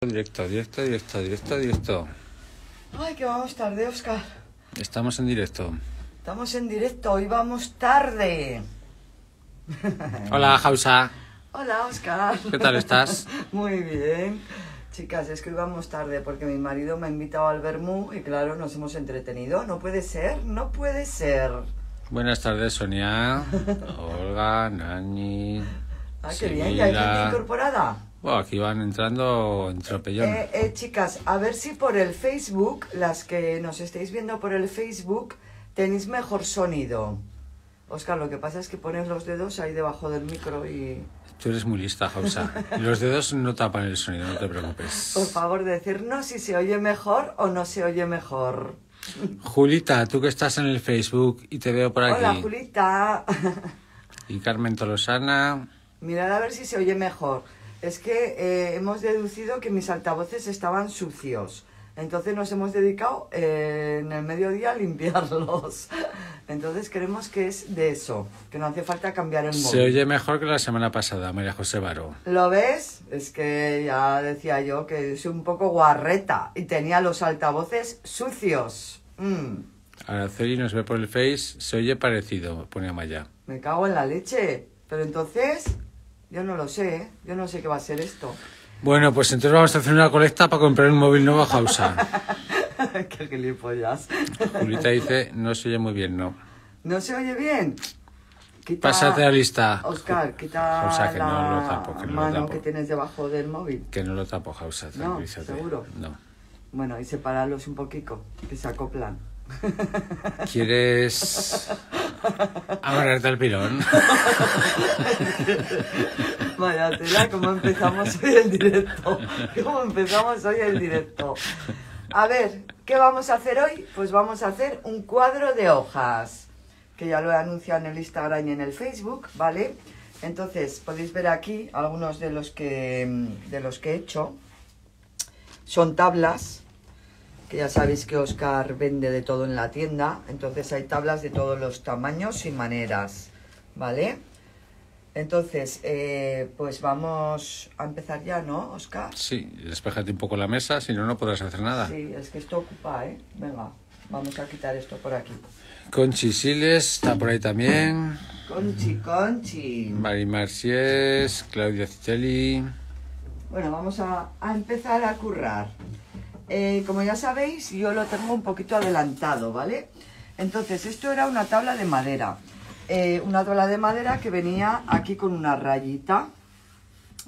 Directo, directo, directo, directo, directo. Ay, que vamos tarde, Oscar. Estamos en directo. Estamos en directo, hoy vamos tarde. Hola, Jausa. Hola, Oscar. ¿Qué tal estás? Muy bien. Chicas, es que hoy vamos tarde porque mi marido me ha invitado al Bermú y claro, nos hemos entretenido. No puede ser, no puede ser. Buenas tardes, Sonia, Olga, Nani. Ah, qué bien, ya hay gente incorporada. Bueno, aquí van entrando en eh, eh, chicas, a ver si por el Facebook, las que nos estáis viendo por el Facebook, tenéis mejor sonido. Oscar, lo que pasa es que pones los dedos ahí debajo del micro y... Tú eres muy lista, Jausa. Los dedos no tapan el sonido, no te preocupes. Por favor, decirnos si se oye mejor o no se oye mejor. Julita, tú que estás en el Facebook y te veo por aquí. Hola, Julita. Y Carmen Tolosana. Mirad a ver si se oye mejor es que eh, hemos deducido que mis altavoces estaban sucios. Entonces nos hemos dedicado eh, en el mediodía a limpiarlos. Entonces creemos que es de eso, que no hace falta cambiar el móvil. Se oye mejor que la semana pasada, María José Baró. ¿Lo ves? Es que ya decía yo que soy un poco guarreta y tenía los altavoces sucios. Mm. Araceli nos ve por el Face, se oye parecido, pone Maya. Me cago en la leche. Pero entonces, yo no lo sé, ¿eh? yo no sé qué va a ser esto. Bueno, pues entonces vamos a hacer una colecta para comprar un móvil nuevo a Hausa. qué gilipollas. Julita dice, no se oye muy bien, ¿no? ¿No se oye bien? Quita, Pásate a lista. Oscar, quita la mano que tienes debajo del móvil. Que no lo tapo, Hausa, No, seguro. No. Bueno, y separarlos un poquito, que se acoplan. ¿Quieres amarrarte al pilón? Vaya tela, ¿cómo empezamos hoy el directo? ¿Cómo empezamos hoy el directo? A ver, ¿qué vamos a hacer hoy? Pues vamos a hacer un cuadro de hojas, que ya lo he anunciado en el Instagram y en el Facebook, ¿vale? Entonces, podéis ver aquí algunos de los que, de los que he hecho. Son tablas, que ya sabéis que Oscar vende de todo en la tienda. Entonces hay tablas de todos los tamaños y maneras, ¿vale? Entonces, eh, pues vamos a empezar ya, ¿no, Oscar? Sí, despejate un poco la mesa, si no, no podrás hacer nada. Sí, es que esto ocupa, ¿eh? Venga, vamos a quitar esto por aquí. Conchi Siles está por ahí también. Conchi, Conchi. Mari Claudia Citelli. Bueno, vamos a, a, empezar a currar. Eh, como ya sabéis, yo lo tengo un poquito adelantado, ¿vale? Entonces, esto era una tabla de madera. Eh, una tabla de madera que venía aquí con una rayita.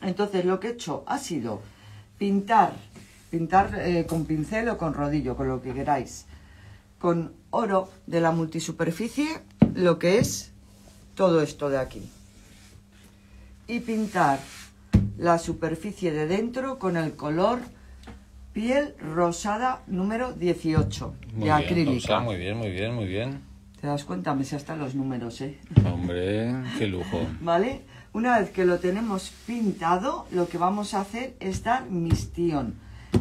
Entonces lo que he hecho ha sido pintar, pintar eh, con pincel o con rodillo, con lo que queráis, con oro de la multisuperficie, lo que es todo esto de aquí. Y pintar la superficie de dentro con el color piel rosada número 18 de acrílica. muy bien, muy bien, muy bien. ¿Te das cuenta? Me sé hasta los números, ¿eh? Hombre, qué lujo. ¿Vale? Una vez que lo tenemos pintado, lo que vamos a hacer es dar mistión.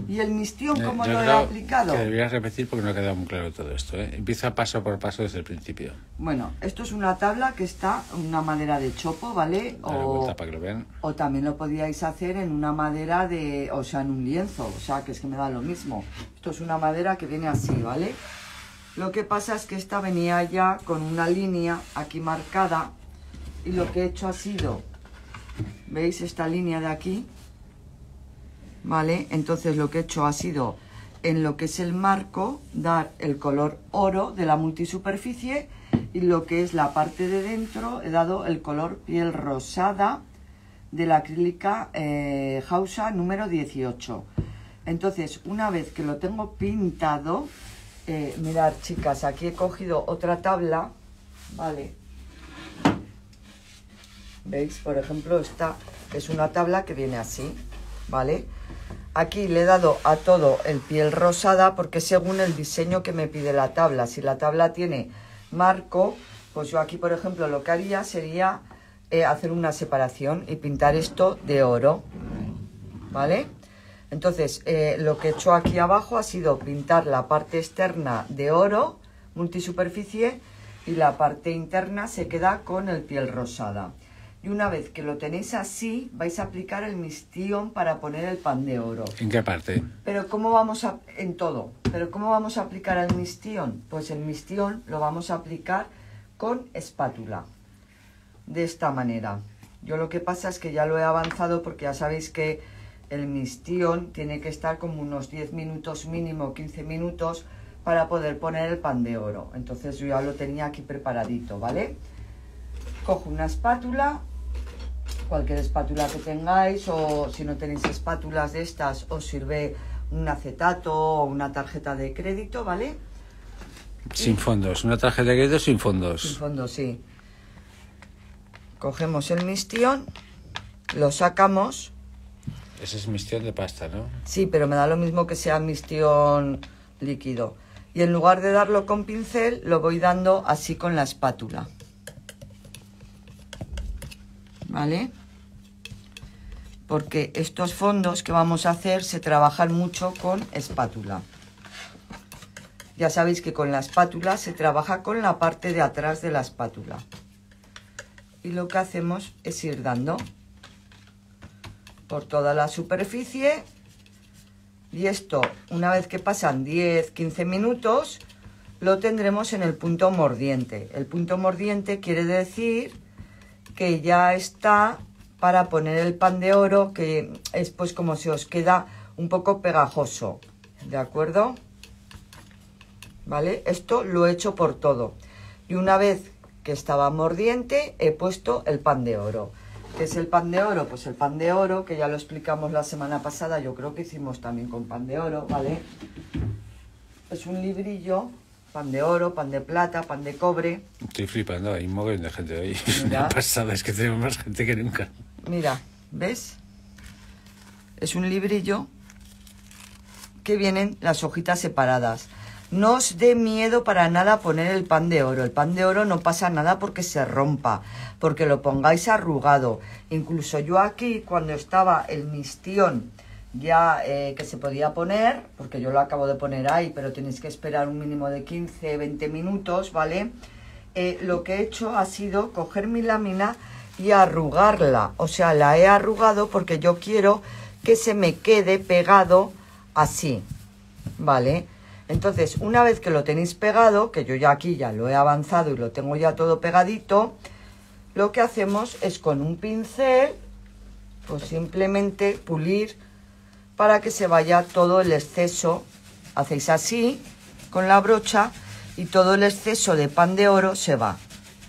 ¿Y el mistión eh, cómo lo he aplicado? voy a repetir porque no ha quedado muy claro todo esto. ¿eh? Empieza paso por paso desde el principio. Bueno, esto es una tabla que está en una madera de chopo, ¿vale? O, o también lo podíais hacer en una madera de, o sea, en un lienzo, o sea, que es que me da lo mismo. Esto es una madera que viene así, ¿vale? Lo que pasa es que esta venía ya con una línea aquí marcada y lo que he hecho ha sido, ¿veis esta línea de aquí? ¿Vale? Entonces lo que he hecho ha sido en lo que es el marco dar el color oro de la multisuperficie y lo que es la parte de dentro he dado el color piel rosada de la acrílica eh, Hausa número 18. Entonces, una vez que lo tengo pintado, eh, mirad chicas, aquí he cogido otra tabla, ¿vale? ¿Veis? Por ejemplo, esta es una tabla que viene así, ¿vale? Aquí le he dado a todo el piel rosada porque según el diseño que me pide la tabla. Si la tabla tiene marco, pues yo aquí, por ejemplo, lo que haría sería eh, hacer una separación y pintar esto de oro, ¿vale? Entonces, eh, lo que he hecho aquí abajo ha sido pintar la parte externa de oro, multisuperficie, y la parte interna se queda con el piel rosada. Y una vez que lo tenéis así, vais a aplicar el mistión para poner el pan de oro. ¿En qué parte? Pero ¿cómo vamos a...? En todo. Pero ¿cómo vamos a aplicar el mistión? Pues el mistión lo vamos a aplicar con espátula. De esta manera. Yo lo que pasa es que ya lo he avanzado porque ya sabéis que el mistión tiene que estar como unos 10 minutos mínimo, 15 minutos, para poder poner el pan de oro. Entonces yo ya lo tenía aquí preparadito, ¿vale? Cojo una espátula, cualquier espátula que tengáis, o si no tenéis espátulas de estas, os sirve un acetato o una tarjeta de crédito, ¿vale? Sin fondos, una tarjeta de crédito sin fondos. Sin fondos, sí. Cogemos el mistión, lo sacamos ese es mistión de pasta, ¿no? Sí, pero me da lo mismo que sea mistión líquido. Y en lugar de darlo con pincel, lo voy dando así con la espátula. ¿Vale? Porque estos fondos que vamos a hacer se trabajan mucho con espátula. Ya sabéis que con la espátula se trabaja con la parte de atrás de la espátula. Y lo que hacemos es ir dando por toda la superficie. Y esto, una vez que pasan 10-15 minutos, lo tendremos en el punto mordiente. El punto mordiente quiere decir que ya está para poner el pan de oro, que es pues como se os queda un poco pegajoso, ¿de acuerdo? ¿Vale? Esto lo he hecho por todo. Y una vez que estaba mordiente, he puesto el pan de oro. ¿Qué es el pan de oro? Pues el pan de oro, que ya lo explicamos la semana pasada, yo creo que hicimos también con pan de oro, ¿vale? Es un librillo, pan de oro, pan de plata, pan de cobre. Estoy flipando, hay un montón de gente hoy. la pasada, es que tenemos más gente que nunca. Mira, ¿ves? Es un librillo que vienen las hojitas separadas. No os dé miedo para nada poner el pan de oro. El pan de oro no pasa nada porque se rompa, porque lo pongáis arrugado. Incluso yo aquí, cuando estaba el mistión ya eh, que se podía poner, porque yo lo acabo de poner ahí, pero tenéis que esperar un mínimo de 15, 20 minutos, ¿vale? Eh, lo que he hecho ha sido coger mi lámina y arrugarla. O sea, la he arrugado porque yo quiero que se me quede pegado así, ¿vale? vale entonces, una vez que lo tenéis pegado, que yo ya aquí ya lo he avanzado y lo tengo ya todo pegadito, lo que hacemos es con un pincel, pues simplemente pulir para que se vaya todo el exceso. Hacéis así con la brocha y todo el exceso de pan de oro se va.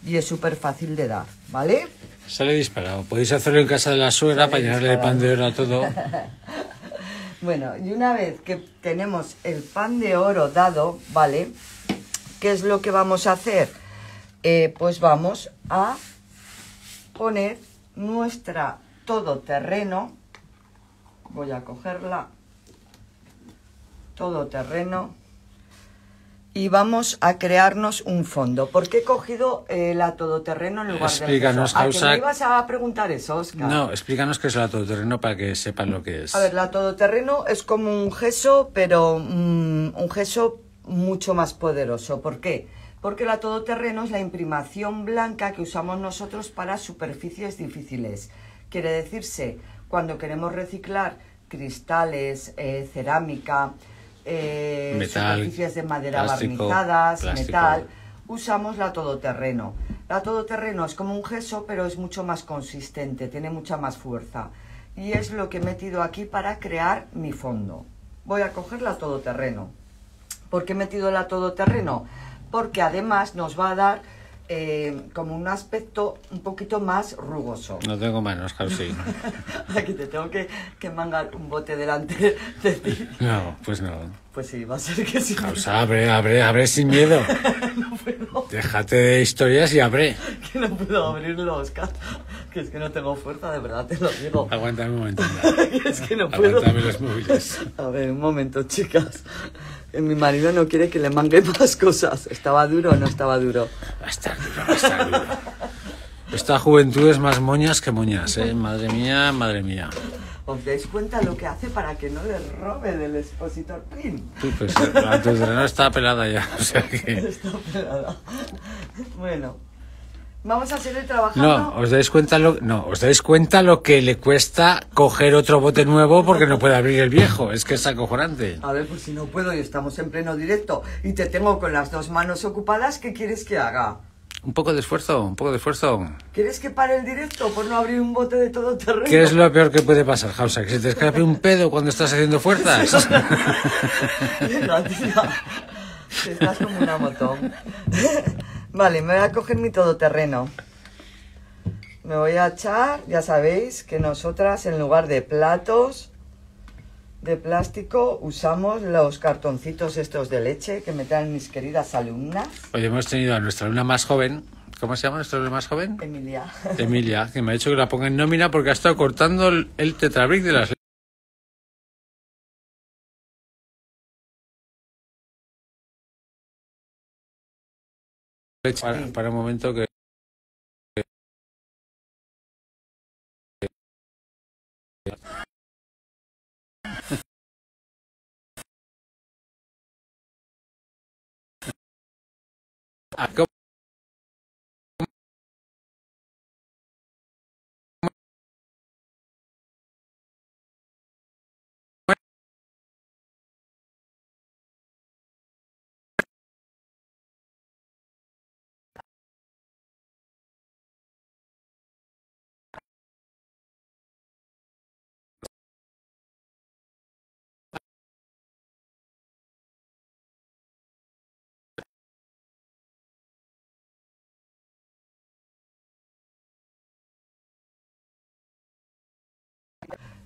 Y es súper fácil de dar, ¿vale? Sale disparado. Podéis hacerlo en casa de la suegra para llenarle de pan de oro a todo. Bueno, y una vez que tenemos el pan de oro dado, ¿vale? ¿Qué es lo que vamos a hacer? Eh, pues vamos a poner nuestra todoterreno. Voy a cogerla. Todoterreno y vamos a crearnos un fondo. ¿Por qué he cogido el eh, la todoterreno en lugar de... ¿A que me ibas a preguntar eso, Oscar? No, explícanos qué es la todoterreno para que sepan lo que es. A ver, la todoterreno es como un gesso, pero mm, un gesso mucho más poderoso. ¿Por qué? Porque la todoterreno es la imprimación blanca que usamos nosotros para superficies difíciles. Quiere decirse, cuando queremos reciclar cristales, eh, cerámica, eh, superficies de madera barnizadas, metal, usamos la todoterreno. La todoterreno es como un gesso, pero es mucho más consistente, tiene mucha más fuerza. Y es lo que he metido aquí para crear mi fondo. Voy a coger la todoterreno. ¿Por qué he metido la todoterreno? Porque además nos va a dar eh, como un aspecto un poquito más rugoso. No tengo manos, claro, sí. Aquí te tengo que, que mangar un bote delante de ti. No, pues no. Pues sí, va a ser que sí. Claro, abre, abre, abre sin miedo. no puedo. Déjate de historias y abre. que no puedo abrirlo, Oscar. Que es que no tengo fuerza, de verdad te lo digo. Aguántame un momento. es que no puedo. Aguántame los móviles. A ver, un momento, chicas. Eh, mi marido no quiere que le mangue más cosas. ¿Estaba duro o no estaba duro? Esta juventud es más moñas que moñas, ¿eh? Madre mía, madre mía. ¿Os dais cuenta lo que hace para que no le robe del expositor PIN? Tú, pues, la, está pelada ya, Está pelada. Bueno. Vamos a seguir trabajando. No, os dais cuenta lo, no, os dais cuenta lo que le cuesta coger otro bote nuevo porque no puede abrir el viejo. Es que es acojonante. A ver, pues si no puedo y estamos en pleno directo y te tengo con las dos manos ocupadas, ¿qué quieres que haga? Un poco de esfuerzo, un poco de esfuerzo. ¿Quieres que pare el directo por no abrir un bote de todo terreno? ¿Qué es lo peor que puede pasar, Hausa? ¿Que se te escape un pedo cuando estás haciendo fuerzas? Estás como una motón. Vale, me voy a coger mi todoterreno. Me voy a echar, ya sabéis que nosotras en lugar de platos de plástico usamos los cartoncitos estos de leche que me traen mis queridas alumnas. Hoy hemos tenido a nuestra alumna más joven, ¿Cómo se llama nuestra alumna más joven? Emilia. Emilia, que me ha dicho que la ponga en nómina porque ha estado cortando el tetrabric de las Para, para, un momento que, ah,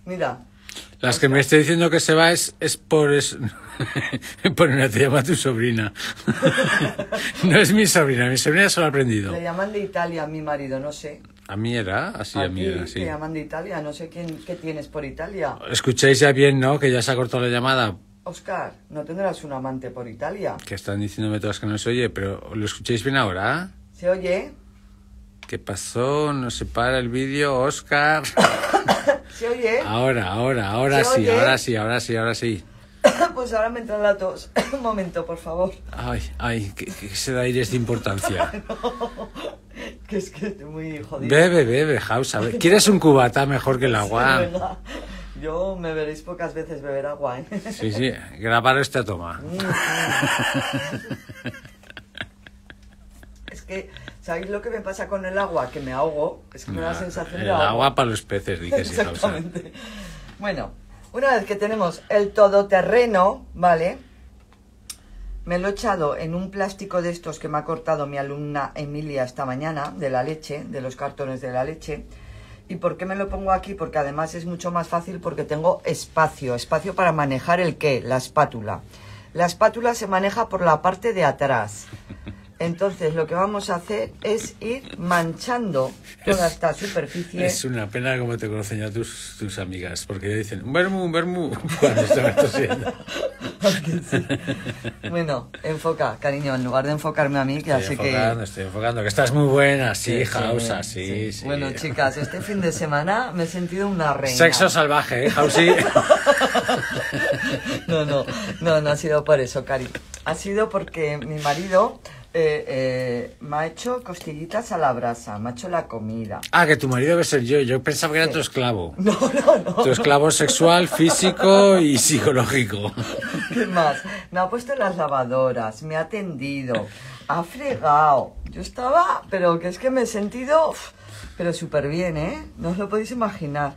Mira. Las que me esté diciendo que se va es, es por es, por una te llama tu sobrina. no es mi sobrina, mi sobrina se ha aprendido. Le llaman de Italia a mi marido, no sé. A mí era, así a, mí era, sí. llaman de Italia, no sé quién qué tienes por Italia. Escucháis ya bien, ¿no? Que ya se ha cortado la llamada. Oscar, ¿no tendrás un amante por Italia? Que están diciéndome todas que no se oye, pero ¿lo escucháis bien ahora? ¿Se oye? ¿Qué pasó? ¿No se para el vídeo, Oscar. ¿Se oye? Ahora, ahora, ahora sí, ahora sí, ahora sí, ahora sí. Pues ahora me entra la tos. Un momento, por favor. Ay, ay, que, se da aires de importancia. que es que estoy muy jodido. Bebe, bebe, Hausa. ¿Quieres un cubata mejor que el agua? Yo me veréis pocas veces beber agua. ¿eh? Sí, sí, grabar esta toma. Mm, mm. es que ¿Sabéis lo que me pasa con el agua? Que me ahogo. Es que me da sensación agua. agua para los peces, dices. Exactamente. Bueno, una vez que tenemos el todoterreno, ¿vale? Me lo he echado en un plástico de estos que me ha cortado mi alumna Emilia esta mañana, de la leche, de los cartones de la leche. ¿Y por qué me lo pongo aquí? Porque además es mucho más fácil porque tengo espacio, espacio para manejar el qué, la espátula. La espátula se maneja por la parte de atrás. Entonces lo que vamos a hacer es ir manchando toda esta superficie. Es una pena como te conocen ya tus, tus amigas, porque dicen, un vermú, un vermú, Bueno, enfoca, cariño, en lugar de enfocarme a mí, que así que... Estoy enfocando, que estás muy buena, sí, Jausa, sí, Bueno, chicas, este fin de semana me he sentido una reina. Sexo salvaje, ¿eh, no, no, no, no ha sido por eso, cariño ha sido porque mi marido eh, eh, me ha hecho costillitas a la brasa, me ha hecho la comida. Ah, que tu marido debe ser yo. Yo pensaba que era tu esclavo. No, no, no. Tu esclavo sexual, físico y psicológico. ¿Qué más? Me ha puesto las lavadoras, me ha atendido, ha fregado. Yo estaba, pero que es que me he sentido, pero súper bien, ¿eh? No os lo podéis imaginar.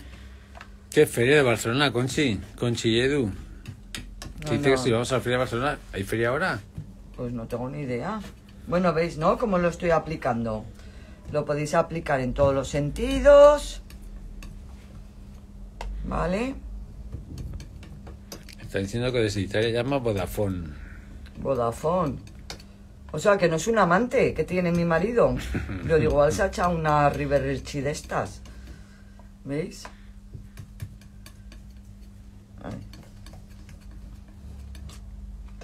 Qué feria de Barcelona, Conchi, Conchi Edu dice que si vamos a de Barcelona? ¿Hay feria ahora? Pues no tengo ni idea. Bueno, veis, ¿no? Cómo lo estoy aplicando. Lo podéis aplicar en todos los sentidos. ¿Vale? Está diciendo que desde Italia llama Vodafone. Vodafone. O sea, que no es un amante que tiene mi marido. Lo digo, igual se ha echado una riverchi de estas. ¿Veis?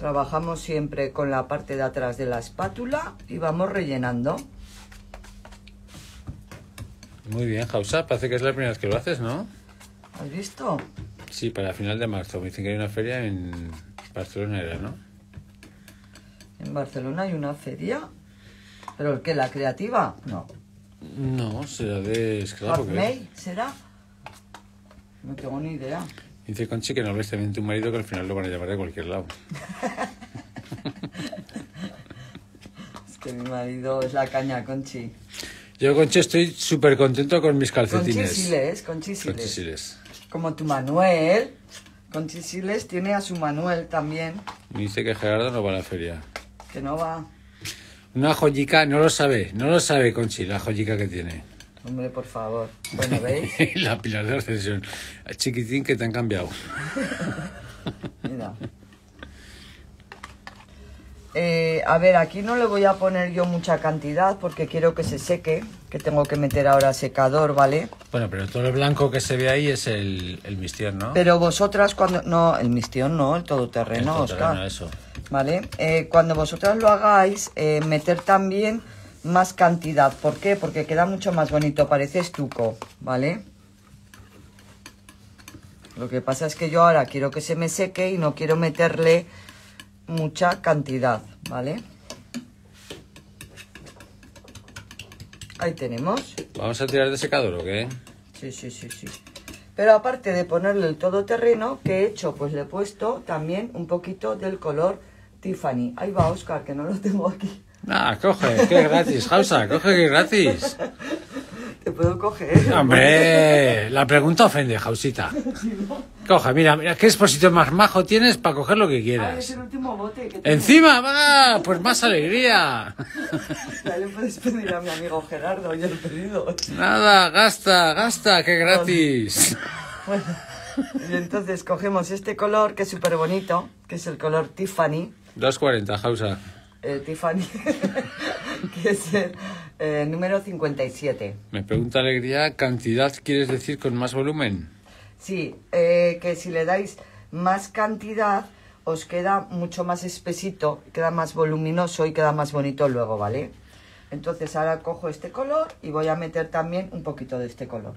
Trabajamos siempre con la parte de atrás de la espátula y vamos rellenando. Muy bien, Jausa, parece que es la primera vez que lo haces, ¿no? ¿Has visto? Sí, para final de marzo. Me dicen que hay una feria en Barcelona, ¿no? En Barcelona hay una feria. ¿Pero el qué? ¿La creativa? No. No, será de... Esclavo, ¿Será? No tengo ni idea. Dice Conchi que no ves también tu marido que al final lo van a llevar de cualquier lado. es que mi marido es la caña, Conchi. Yo, Conchi, estoy súper contento con mis calcetines. Conchi Siles, Conchi Siles. Como tu Manuel. Conchi Siles tiene a su Manuel también. Dice que Gerardo no va a la feria. Que no va. Una joyica, no lo sabe, no lo sabe Conchi, la joyica que tiene. Hombre, por favor. Bueno, ¿veis? la pilar de ascensión. Chiquitín que te han cambiado. Mira. Eh, a ver, aquí no le voy a poner yo mucha cantidad porque quiero que se seque, que tengo que meter ahora secador, ¿vale? Bueno, pero todo el blanco que se ve ahí es el, el mistión, ¿no? Pero vosotras cuando... No, el mistión no, el todoterreno, el todoterreno eso. ¿Vale? Eh, cuando vosotras lo hagáis, eh, meter también más cantidad. ¿Por qué? Porque queda mucho más bonito, parece estuco, ¿vale? Lo que pasa es que yo ahora quiero que se me seque y no quiero meterle mucha cantidad, ¿vale? Ahí tenemos. ¿Vamos a tirar de secador o qué? Sí, sí, sí, sí. Pero aparte de ponerle el todoterreno ¿qué he hecho, pues le he puesto también un poquito del color Tiffany. Ahí va Oscar, que no lo tengo aquí. Ah, coge, ¡Qué gratis, Hausa, coge que gratis. Te puedo coger. Hombre, la pregunta ofende, Jausita. Coge, mira, mira, qué expositor más majo tienes para coger lo que quieras. es el último bote Encima, va, pues más alegría. Ya le puedes pedir a mi amigo Gerardo, ya lo he pedido. Nada, gasta, gasta, qué gratis. Bueno, y entonces cogemos este color que es súper bonito, que es el color Tiffany. 240, Hausa. Eh, Tiffany, que es el eh, número 57. Me pregunta Alegría, ¿cantidad quieres decir con más volumen? Sí, eh, que si le dais más cantidad os queda mucho más espesito, queda más voluminoso y queda más bonito luego, ¿vale? Entonces ahora cojo este color y voy a meter también un poquito de este color.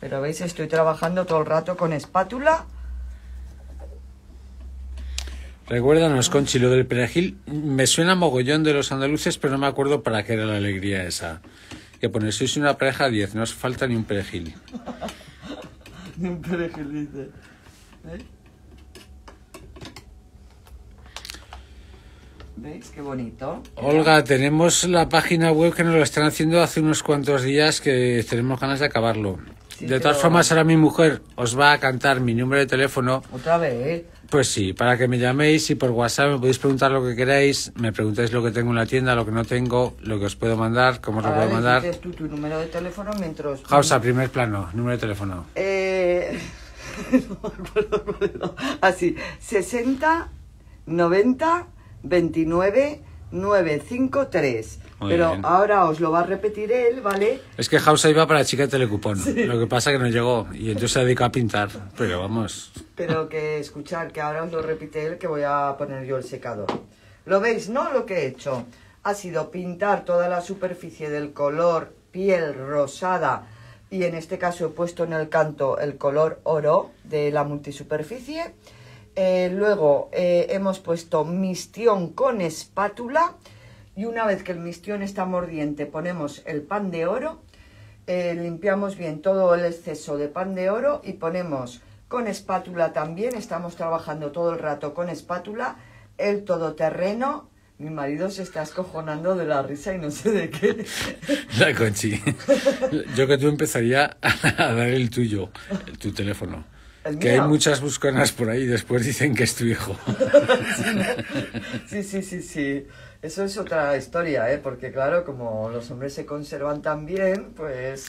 Pero veis, estoy trabajando todo el rato con espátula Recuérdanos, Conchi, lo del perejil me suena mogollón de los andaluces, pero no me acuerdo para qué era la alegría esa. Que ponéis, sois una pareja 10, no os falta ni un perejil. ni un perejil, dice. ¿Eh? ¿Veis qué bonito? Olga, tenemos la página web que nos lo están haciendo hace unos cuantos días que tenemos ganas de acabarlo. de todas formas, ahora mi mujer os va a cantar mi número de teléfono. Otra vez. Pues sí, para que me llaméis y por WhatsApp me podéis preguntar lo que queráis, me preguntáis lo que tengo en la tienda, lo que no tengo, lo que os puedo mandar, cómo os lo puedo mandar. Tú, tu número de teléfono mientras... Jausa, ah, primer plano, número de teléfono. Eh, Así, 60 90 29 953. Pero ahora os lo va a repetir él, ¿vale? Es que Hausa iba para la chica de Telecupón. Lo que pasa que no llegó y entonces se dedica a pintar. Pero vamos. Pero que escuchar, que ahora os lo repite él, que voy a poner yo el secador. ¿Lo veis, no? Lo que he hecho ha sido pintar toda la superficie del color piel rosada y en este caso he puesto en el canto el color oro de la multisuperficie. Eh, luego eh, hemos puesto mistión con espátula y una vez que el mistión está mordiente ponemos el pan de oro, eh, limpiamos bien todo el exceso de pan de oro y ponemos con espátula también, estamos trabajando todo el rato con espátula, el todoterreno, mi marido se está escojonando de la risa y no sé de qué. La Conchi, yo que tú empezaría a dar el tuyo, tu teléfono. Que hay muchas buscanas por ahí, después dicen que es tu hijo. sí, sí, sí, sí. Eso es otra historia, ¿eh? Porque claro, como los hombres se conservan tan bien, pues...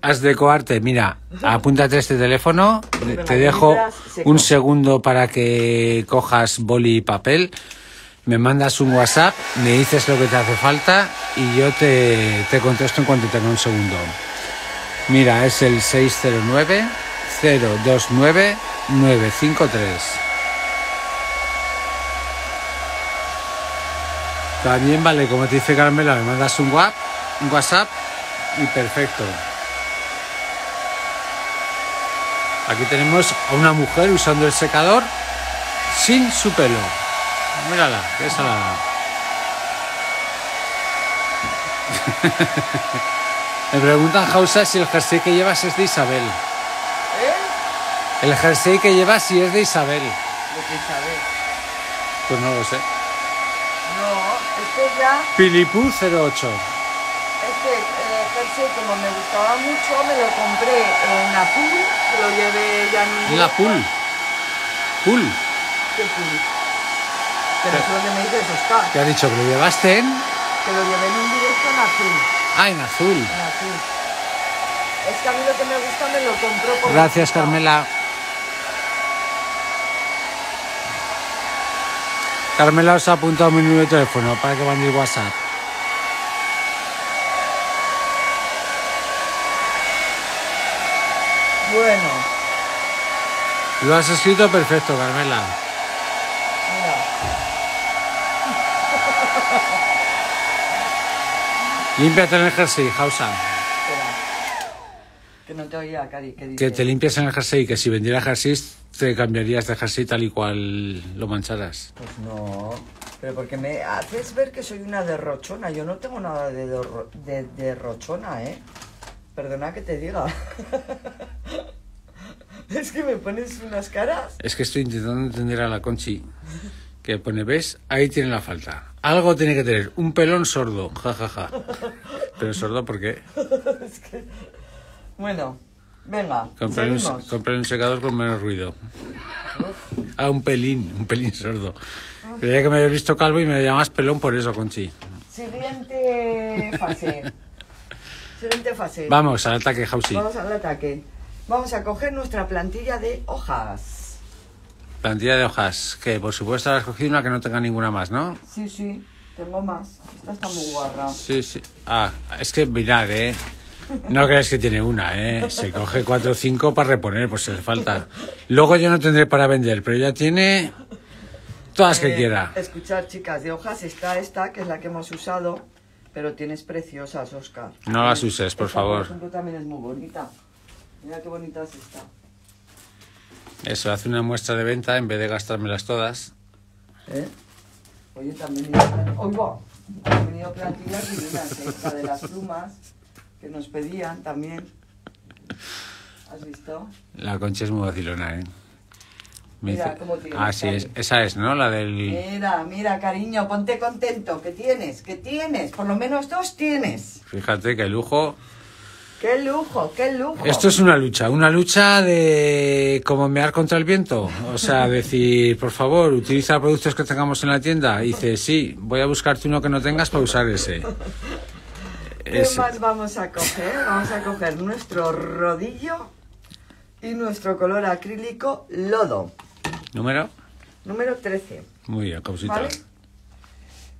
Has, de coarte, mira, apúntate este teléfono, te dejo un segundo para que cojas boli y papel, me mandas un WhatsApp, me dices lo que te hace falta y yo te, te contesto en cuanto tenga un segundo. Mira, es el 609 029 953. También vale, como te dice Carmela, me mandas un WhatsApp, y perfecto. Aquí tenemos a una mujer usando el secador sin su pelo. Mírala, que la Me preguntan, Jausa si el jersey que llevas es de Isabel. ¿Eh? El jersey que llevas si es de Isabel. ¿De qué Isabel? Pues no lo sé. No. Filipú 08. Este eh, como me gustaba mucho, me lo compré en azul. que lo llevé ya en mi... ¿La pool? ¿Pool? ¿Qué Que no lo que me dices, está. ¿Qué ha dicho? ¿Que lo llevaste en...? Que lo llevé en un directo en azul. Ah, en azul. En azul. Es que a mí lo que me gusta me lo compró Gracias, Carmela. Carmela os ha apuntado mi número de teléfono para que mandéis WhatsApp. Bueno. Lo has escrito perfecto, Carmela. Mira. Límpiate en el jersey, no te oía, Cari. Que te limpias en el jersey, que si vendiera jersey te cambiarías de jersey tal y cual lo mancharas. Pues no, pero porque me haces ver que soy una derrochona. Yo no tengo nada de, derrochona, ¿eh? Perdona que te diga. es que me pones unas caras. Es que estoy intentando entender a la Conchi. Que pone, ¿ves? Ahí tiene la falta. Algo tiene que tener. Un pelón sordo. Ja, ja, ja. Pero sordo, ¿por qué? es que... Bueno, venga. Compré un, secador con menos ruido. Ah, un pelín, un pelín sordo. Creía que me había visto calvo y me llamas pelón por eso, Conchi. Siguiente fase. Siguiente fase. Vamos al ataque, Jausi. Vamos al ataque. Vamos a coger nuestra plantilla de hojas. Plantilla de hojas, que por supuesto has cogido una que no tenga ninguna más, ¿no? Sí, sí, tengo más. Esta está muy guarra. Sí, sí. Ah, es que mirad, eh. No creas que tiene una, ¿eh? Se coge cuatro o cinco para reponer, pues si le falta. Luego yo no tendré para vender, pero ya tiene todas que eh, quiera. Escuchar, chicas, de hojas está esta, que es la que hemos usado, pero tienes preciosas, Oscar. No las uses, por favor. Por ejemplo, también es muy bonita. Mira qué bonita esta. Eso, hace una muestra de venta en vez de gastármelas todas. ¿Eh? Oye, también... ¡Oigo! venido plantillas una esta de las plumas que nos pedían también. ¿Has visto? La concha es muy vacilona, ¿eh? mira cómo tiene Ah, sí, es, esa es, ¿no? La del... Mira, mira, cariño, ponte contento, ¿Qué tienes, ¿Qué tienes, por lo menos dos tienes. Fíjate qué lujo. Qué lujo, qué lujo. Esto es una lucha, una lucha de como mear contra el viento. O sea, decir, por favor, utiliza productos que tengamos en la tienda. dice, sí, voy a buscarte uno que no tengas para usar ese. ¿Qué más vamos a coger? Vamos a coger nuestro rodillo y nuestro color acrílico lodo. ¿Número? Número 13. Muy bien, causita.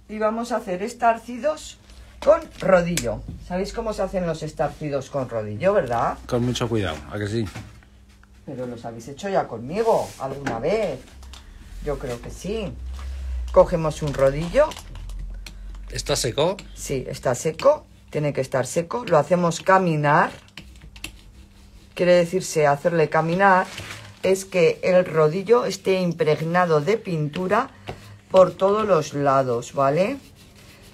Y vamos a hacer estarcidos con rodillo. ¿Sabéis cómo se hacen los estarcidos con rodillo, verdad? Con mucho cuidado, ¿a que sí? Pero los habéis hecho ya conmigo alguna vez. Yo creo que sí. Cogemos un rodillo. ¿Está seco? Sí, está seco. Tiene que estar seco. Lo hacemos caminar. Quiere decirse hacerle caminar es que el rodillo esté impregnado de pintura por todos los lados, ¿vale?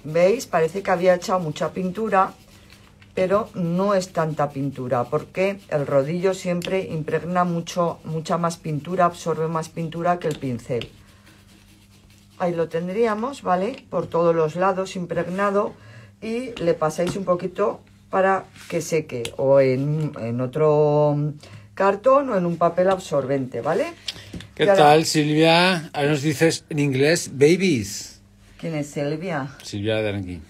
¿Veis? Parece que había echado mucha pintura, pero no es tanta pintura, porque el rodillo siempre impregna mucho, mucha más pintura, absorbe más pintura que el pincel. Ahí lo tendríamos, ¿vale? Por todos los lados impregnado y le pasáis un poquito para que seque o en, otro cartón o en un papel absorbente, ¿vale? ¿Qué tal, Silvia? Ahí nos dices en inglés babies. ¿Quién es Silvia? Silvia de aquí.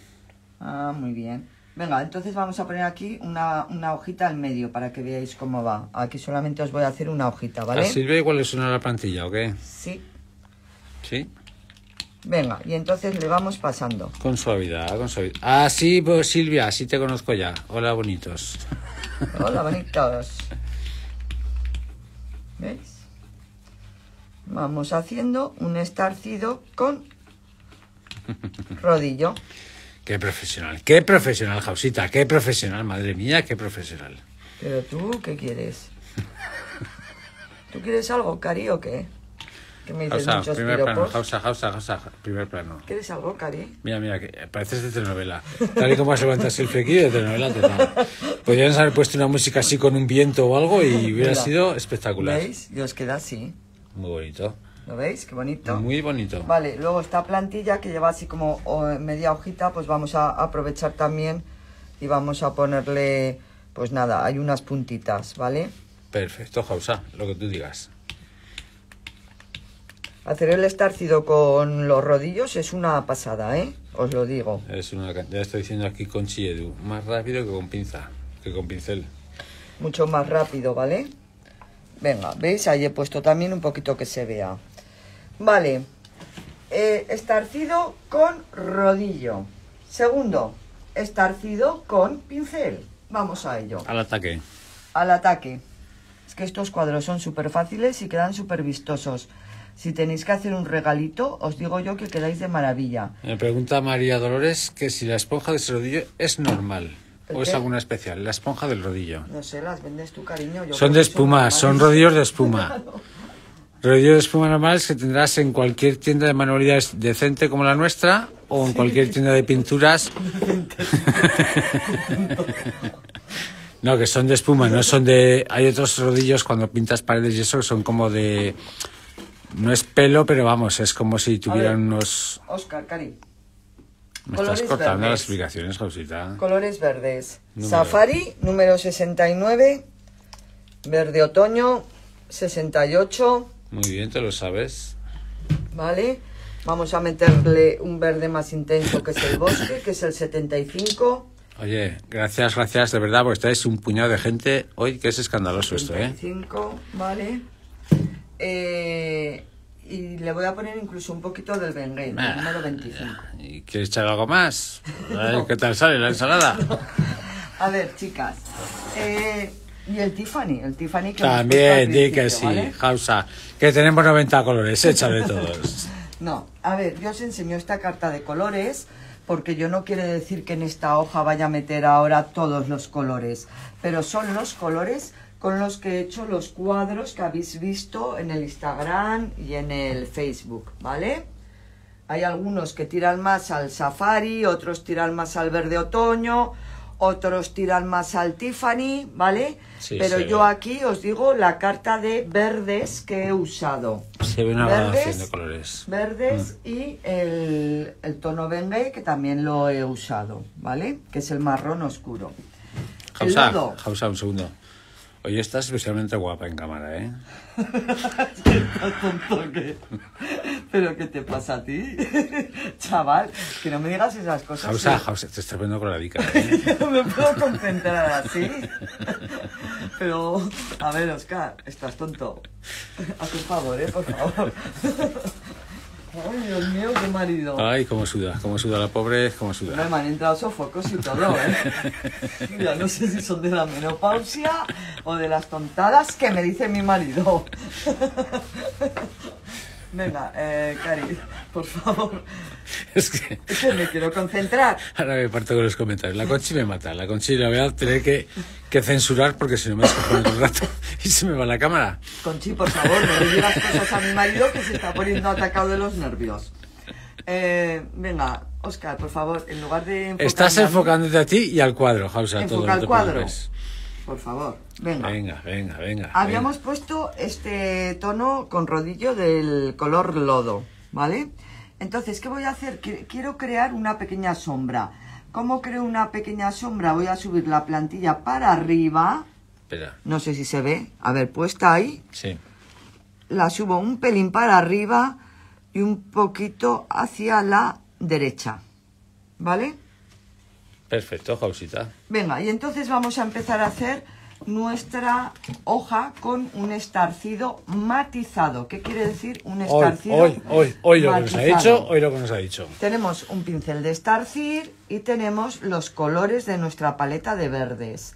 Ah, muy bien. Venga, entonces vamos a poner aquí una, una, hojita al medio para que veáis cómo va. Aquí solamente os voy a hacer una hojita, ¿vale? ¿A Silvia igual le suena la plantilla o qué? Sí. ¿Sí? Venga, y entonces le vamos pasando. Con suavidad, con suavidad. Así, ah, pues Silvia, así te conozco ya. Hola, bonitos. Hola, bonitos. ¿Veis? Vamos haciendo un estarcido con rodillo. Qué profesional, qué profesional, Jausita, qué profesional, madre mía, qué profesional. Pero tú, ¿qué quieres? ¿Tú quieres algo, Cari, o qué? Hausa, primer Hausa, Hausa, primer plano. ¿Quieres algo, Cari? Mira, mira, que pareces de telenovela. Tal y como has levantado el de telenovela total. Podrían haber puesto una música así con un viento o algo y hubiera sido espectacular. ¿Veis? Y os queda así. Muy bonito. ¿Lo veis? Qué bonito. Muy bonito. Vale, luego esta plantilla que lleva así como media hojita, pues vamos a aprovechar también y vamos a ponerle, pues nada, hay unas puntitas, ¿vale? Perfecto, Jausa, lo que tú digas. Hacer el estarcido con los rodillos es una pasada, ¿eh? Os lo digo. Es una, ya estoy diciendo aquí con chiedu, más rápido que con pinza, que con pincel. Mucho más rápido, ¿vale? Venga, ¿veis? Ahí he puesto también un poquito que se vea. Vale, eh, estarcido con rodillo. Segundo, estarcido con pincel. Vamos a ello. Al ataque. Al ataque. Es que estos cuadros son súper fáciles y quedan súper vistosos. Si tenéis que hacer un regalito, os digo yo que quedáis de maravilla. Me pregunta María Dolores que si la esponja de ese rodillo es normal. ¿O es alguna especial? La esponja del rodillo. No sé, las vendes tú, cariño. son de espuma, son, rodillos de espuma. rodillos de espuma normal que tendrás en cualquier tienda de manualidades decente como la nuestra o en cualquier tienda de pinturas. no, que son de espuma, no son de... Hay otros rodillos cuando pintas paredes y eso que son como de no es pelo, pero vamos, es como si tuvieran unos. Oscar, Cari. Me estás cortando las explicaciones, Josita. Colores verdes. Safari, número 69. Verde otoño, 68. Muy bien, te lo sabes. Vale. Vamos a meterle un verde más intenso que es el bosque, que es el 75. Oye, gracias, gracias, de verdad, porque estáis un puñado de gente hoy, que es escandaloso esto, ¿eh? 75, vale. Eh, y le voy a poner incluso un poquito del Benguet, ah, número 25. quieres echar algo más? A ver qué tal sale la ensalada. A ver, chicas. Eh, y el Tiffany, el Tiffany También, di que sí, que tenemos 90 colores, échale todos. no, a ver, yo os enseño esta carta de colores porque yo no quiere decir que en esta hoja vaya a meter ahora todos los colores, pero son los colores con los que he hecho los cuadros que habéis visto en el Instagram y en el Facebook, ¿vale? Hay algunos que tiran más al safari, otros tiran más al verde otoño, otros tiran más al Tiffany, ¿vale? Pero yo aquí os digo la carta de verdes que he usado. Se verdes, colores. Verdes mm. y el, el tono Bengay, que también lo he usado, ¿vale? Que es el marrón oscuro. Jausa, un segundo. Hoy estás especialmente guapa en cámara, ¿eh? tonto que... ¿Pero qué te pasa a ti? Chaval, que no me digas esas cosas. Jausa, Jausa, te estás poniendo con la dica. Yo ¿eh? no me puedo concentrar así. Pero, a ver, Oscar, estás tonto. Haz un favor, ¿eh? Por favor. Ay, Dios mío, qué marido. Ay, cómo suda, cómo suda la pobre, cómo suda. No, me han entrado sofocos y todo, ¿eh? Mira, no sé si son de la menopausia o de las tontadas que me dice mi marido. Venga, eh, Cari, por favor. es que... me quiero concentrar. Ahora me parto con los comentarios. La Conchi me mata. La Conchi la voy a que, censurar porque si no me has un rato y se me va la cámara. Conchi, por favor, no le digas cosas a mi marido que se está poniendo atacado de los nervios. Eh, venga, Oscar, por favor, en lugar de... Estás enfocándote a ti y al cuadro, Enfoca al cuadro. Por favor, venga. Venga, venga, venga. Habíamos puesto este tono con rodillo del color lodo, ¿vale? vale entonces, ¿qué voy a hacer? Quiero crear una pequeña sombra. ¿Cómo creo una pequeña sombra? Voy a subir la plantilla para arriba. Espera. No sé si se ve. A ver, puesta ahí. Sí. La subo un pelín para arriba y un poquito hacia la derecha. ¿Vale? Perfecto, Jausita. Venga, y entonces vamos a empezar a hacer nuestra hoja con un estarcido matizado. ¿Qué quiere decir un estarcido hoy, lo matizado. que nos ha hoy lo que nos ha dicho. Tenemos un pincel de estarcir y tenemos los colores de nuestra paleta de verdes.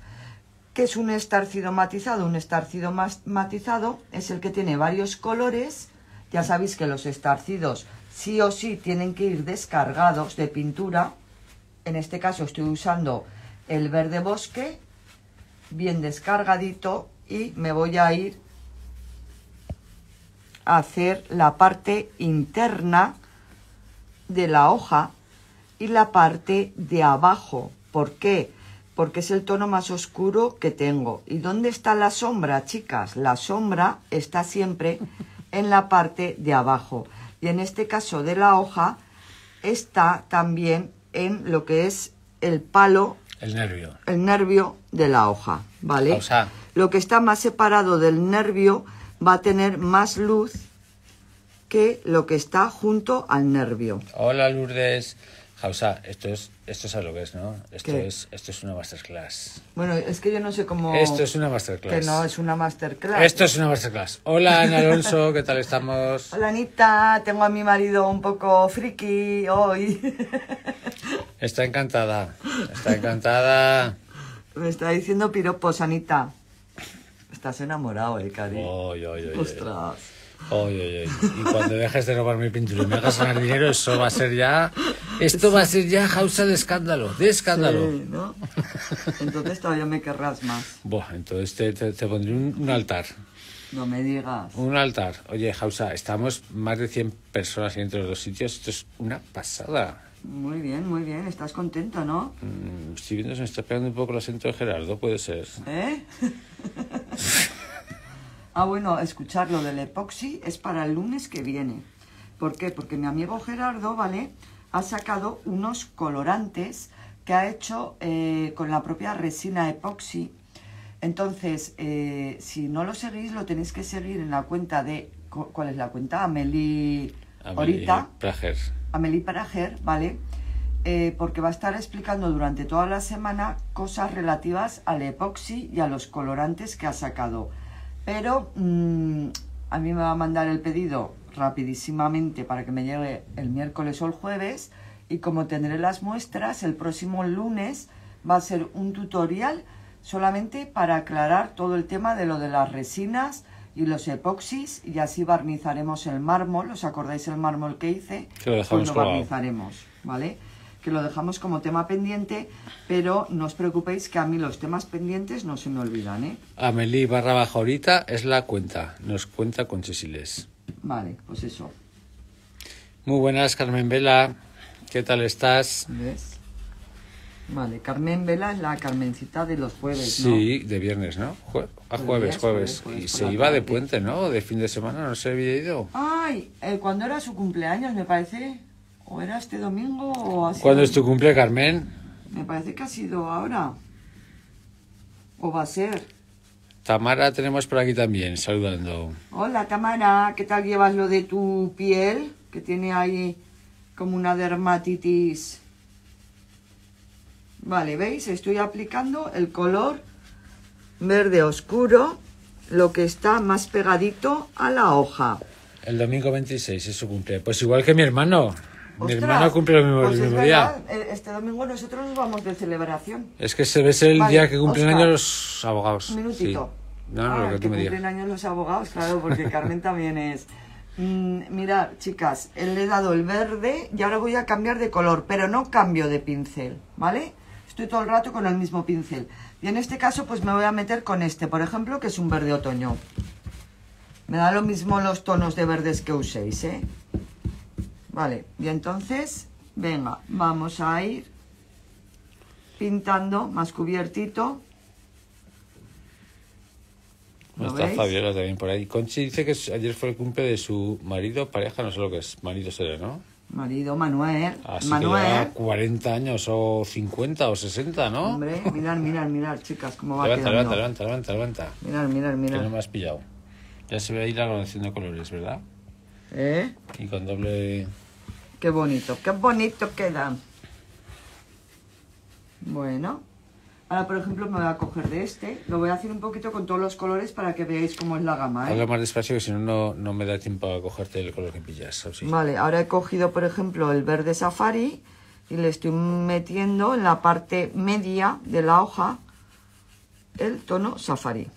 ¿Qué es un estarcido matizado? Un estarcido matizado es el que tiene varios colores. Ya sabéis que los estarcidos sí o sí tienen que ir descargados de pintura. En este caso estoy usando el verde bosque bien descargadito y me voy a ir a hacer la parte interna de la hoja y la parte de abajo. ¿Por qué? Porque es el tono más oscuro que tengo. ¿Y dónde está la sombra, chicas? La sombra está siempre en la parte de abajo. Y en este caso de la hoja está también en lo que es el palo el nervio. El nervio de la hoja, ¿vale? Lo que está más separado del nervio va a tener más luz que lo que está junto al nervio. Hola Lourdes. Ah, sea, esto es, esto es a lo que es, ¿no? Esto es, esto es una masterclass. Bueno, es que yo no sé cómo. Esto es una masterclass. Que no es una masterclass. Esto es una masterclass. Hola Ana Alonso, ¿qué tal estamos? Hola Anita, tengo a mi marido un poco friki hoy. está encantada, está encantada. Me está diciendo piropos, Anita. Estás enamorado, eh, cariño. Ostras. Oye, oye, Y cuando dejes de robar mi pintura y me hagas ganar dinero, eso va a ser ya. Esto va a ser ya causa de escándalo, de escándalo. Sí, ¿no? Entonces todavía me querrás más. Buah, entonces te, pondré un, altar. No me digas. Un altar. Oye, Jausa, estamos más de 100 personas entre los dos sitios. Esto es una pasada. Muy bien, muy bien. Estás contento, ¿no? Mm, si se me está pegando un poco el acento de Gerardo, puede ser. ¿Eh? Ah, bueno, escuchar lo del epoxi es para el lunes que viene. ¿Por qué? Porque mi amigo Gerardo, ¿vale? Ha sacado unos colorantes que ha hecho eh, con la propia resina epoxi. Entonces, eh, si no lo seguís, lo tenéis que seguir en la cuenta de... ¿Cuál es la cuenta? Amelie... Ahorita... Prager. Amelie Prager, ¿vale? Eh, porque va a estar explicando durante toda la semana cosas relativas al epoxi y a los colorantes que ha sacado. Pero mm, a mí me va a mandar el pedido rapidísimamente para que me llegue el miércoles o el jueves y como tendré las muestras, el próximo lunes va a ser un tutorial solamente para aclarar todo el tema de lo de las resinas y los epoxis y así barnizaremos el mármol. ¿Os acordáis el mármol que hice? Que lo pues barnizaremos, ¿vale? que lo dejamos como tema pendiente, pero no os preocupéis que a mí los temas pendientes no se me olvidan, ¿eh? Amelie barra baja ahorita es la cuenta, nos cuenta con Chesiles. Vale, pues eso. Muy buenas, Carmen Vela, ¿qué tal estás? Vale, Carmen Vela es la Carmencita de los jueves, Sí, de viernes, ¿no? a jueves, jueves, Y se iba de puente, ¿no? De fin de semana, no se había ido. Ay, eh, cuando era su cumpleaños, me parece ¿O era este domingo o así? ¿Cuándo es tu cumple, Carmen? Me parece que ha sido ahora. ¿O va a ser? Tamara tenemos por aquí también, saludando. Hola Tamara, ¿qué tal llevas lo de tu piel? Que tiene ahí como una dermatitis. Vale, ¿veis? Estoy aplicando el color verde oscuro, lo que está más pegadito a la hoja. El domingo 26 es su cumple. Pues igual que mi hermano. Mi hermana cumple el mismo, pues eh, este domingo nosotros vamos de celebración. Es que se ve el día que cumplen años los abogados. Un minutito. No, no, lo ah, que, cumplen años los abogados, claro, porque Carmen también es. Mm, mira mirad, chicas, eh, le he dado el verde y ahora voy a cambiar de color, pero no cambio de pincel, ¿vale? Estoy todo el rato con el mismo pincel. Y en este caso, pues me voy a meter con este, por ejemplo, que es un verde otoño. Me da lo mismo los tonos de verdes que uséis, ¿eh? Vale, y entonces, venga, vamos a ir pintando más cubiertito. no está Fabiola también por ahí. Conchi dice que ayer fue el cumple de su marido, pareja, no sé lo que es, marido será, ¿no? Marido Manuel. Manuel. Que 40 años o 50 o 60, ¿no? Hombre, mirad, mirad, mirad, chicas, cómo va levanta, quedando. Levanta, levanta, levanta, levanta. Mirad, mirad, mirad. Que no me has pillado. Ya se ve ahí la grabación de colores, ¿verdad? ¿Eh? Y con doble... Qué bonito, qué bonito queda. Bueno. Ahora, por ejemplo, me voy a coger de este. Lo voy a hacer un poquito con todos los colores para que veáis cómo es la gama. ¿eh? más despacio que si no, no me da tiempo a cogerte el color que pillas. Vale, ahora he cogido, por ejemplo, el verde safari y le estoy metiendo en la parte media de la hoja el tono safari.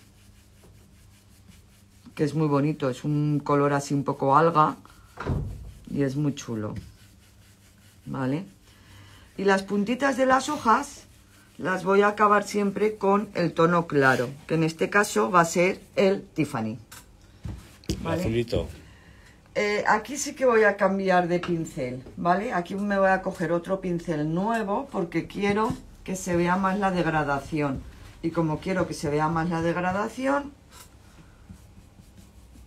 Que es muy bonito, es un color así un poco alga y es muy chulo. ¿vale? Y las puntitas de las hojas las voy a acabar siempre con el tono claro, que en este caso va a ser el Tiffany. Azulito. Eh, aquí sí que voy a cambiar de pincel, ¿vale? Aquí me voy a coger otro pincel nuevo porque quiero que se vea más la degradación. Y como quiero que se vea más la degradación,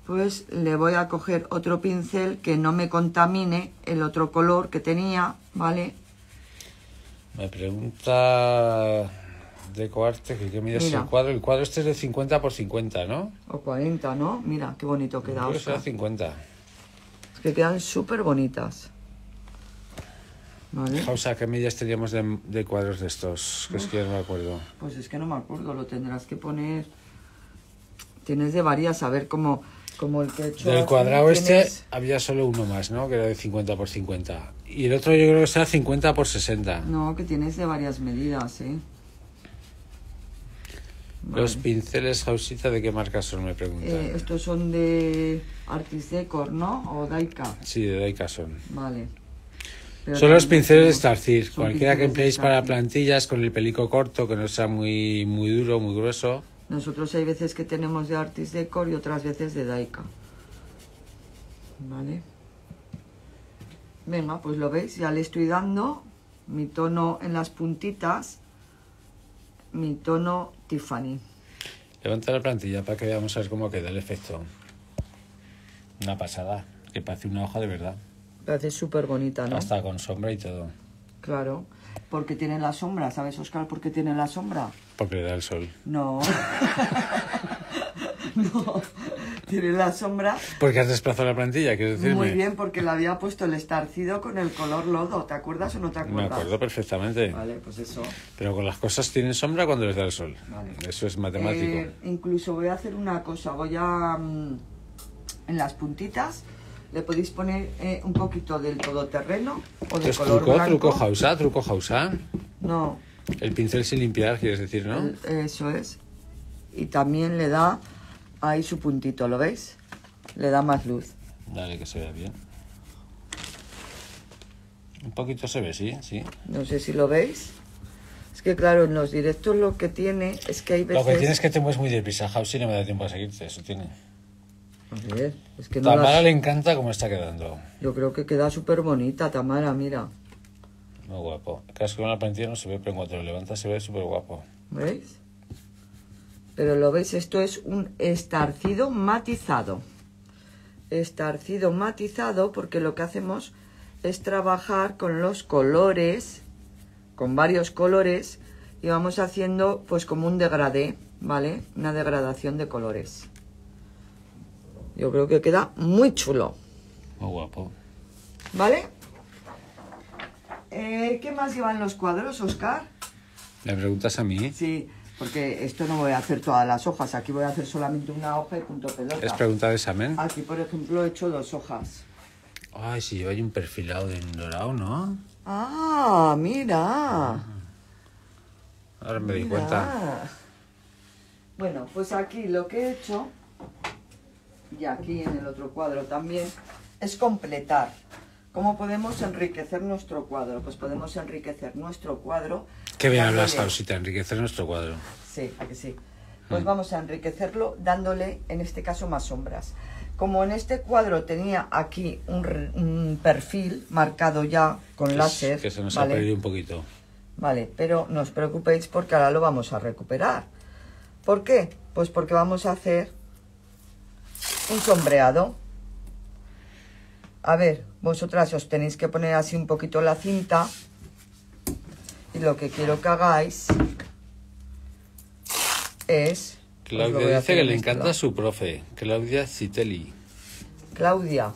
pues le voy a coger otro pincel que no me contamine el otro color que tenía, ¿vale? Me pregunta de coarte que qué el cuadro. El cuadro este es de 50 por 50, ¿no? O 40, ¿no? Mira, qué bonito queda. Yo 50. Es que quedan súper bonitas. Vale. O sea, ¿qué medidas teníamos de, cuadros de estos? Que es que no me acuerdo. Pues es que no me acuerdo, lo tendrás que poner... Tienes de varias, a ver cómo como el techo Del cuadrado este había solo uno más, ¿no? Que era de 50 por 50. Y el otro yo creo que será 50 por 60. No, que tienes de varias medidas, ¿eh? Los pinceles Jausita, ¿de qué marca son? Me preguntan. Eh, estos son de Artis Decor, ¿no? ¿O Daika? Sí, de Daika son. Vale. son los pinceles de Starcir. Cualquiera que empleéis para plantillas con el pelico corto, que no sea muy, muy duro, muy grueso. Nosotros hay veces que tenemos de Artis Decor y otras veces de Daika. ¿Vale? Venga, pues lo veis, ya le estoy dando mi tono en las puntitas, mi tono Tiffany. Levanta la plantilla para que veamos cómo queda el efecto. Una pasada, que parece una hoja de verdad. Parece súper bonita, ¿no? Hasta con sombra y todo. Claro, porque tiene la sombra, ¿sabes, Oscar? ¿Por qué tiene la sombra? Porque le da el sol. No. Tiene la sombra. Porque has desplazado la plantilla, quiero Muy bien, porque la había puesto el estarcido con el color lodo. ¿Te acuerdas o no te acuerdas? Me acuerdo perfectamente. Vale, pues eso. Pero con las cosas tienen sombra cuando les da el sol. Eso es matemático. Eh, incluso voy a hacer una cosa. Voy a... Mm, en las puntitas le podéis poner eh, un poquito del todoterreno o color truco, blanco. No, el pincel sin limpiar, quieres decir, ¿no? Eso es. Y también le da ahí su puntito, ¿lo veis? Le da más luz. Dale, que se vea bien. Un poquito se ve, sí, sí. No sé si lo veis. Es que claro, en los directos lo que tiene es que hay veces... Lo que tienes es que te mueves muy deprisa, House, y no me da tiempo a seguirte, eso tiene. A ver, Tamara le encanta cómo está quedando. Yo creo que queda súper bonita, Tamara, mira. Muy guapo. casi con no se ve, pero se ve súper guapo. ¿Veis? Pero lo veis, esto es un estarcido matizado. Estarcido matizado porque lo que hacemos es trabajar con los colores, con varios colores, y vamos haciendo pues como un degradé, ¿vale? Una degradación de colores. Yo creo que queda muy chulo. Muy guapo. ¿Vale? Eh, ¿Qué más llevan los cuadros, Oscar? ¿Me preguntas a mí? Sí, porque esto no voy a hacer todas las hojas. Aquí voy a hacer solamente una hoja y punto pelota. ¿Es pregunta de examen? Aquí, por ejemplo, he hecho dos hojas. Ay, si hay un perfilado en dorado, ¿no? Ah, mira. Ahora me doy cuenta. Bueno, pues aquí lo que he hecho, y aquí en el otro cuadro también, es completar. ¿Cómo podemos enriquecer nuestro cuadro? Pues podemos enriquecer nuestro cuadro. Qué bien hablas, enriquecer nuestro cuadro. Sí, a que sí. Pues mm. vamos a enriquecerlo dándole, en este caso, más sombras. Como en este cuadro tenía aquí un, perfil marcado ya con es, láser. Que se nos ha perdido un poquito. Vale, pero no os preocupéis porque ahora lo vamos a recuperar. ¿Por qué? Pues porque vamos a hacer un sombreado a ver, vosotras os tenéis que poner así un poquito la cinta y lo que quiero que hagáis es... Pues Claudia dice que le encanta su profe, Claudia Citelli. Claudia,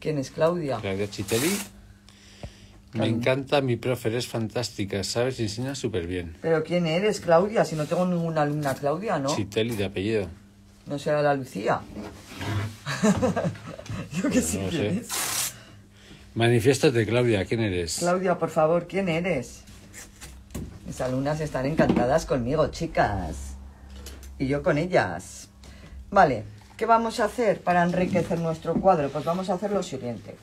¿quién es Claudia? Claudia Citelli. Me encanta mi profe, eres fantástica, sabes, enseña súper bien. Pero ¿quién eres, Claudia? Si no tengo ninguna alumna, Claudia, ¿no? Citelli de apellido. No será la Lucía. Yo qué pues sé Claudia, ¿quién eres? Claudia, por favor, ¿quién eres? Mis alumnas están encantadas conmigo, chicas. Y yo con ellas. Vale, ¿qué vamos a hacer para enriquecer nuestro cuadro? Pues vamos a hacer lo siguiente.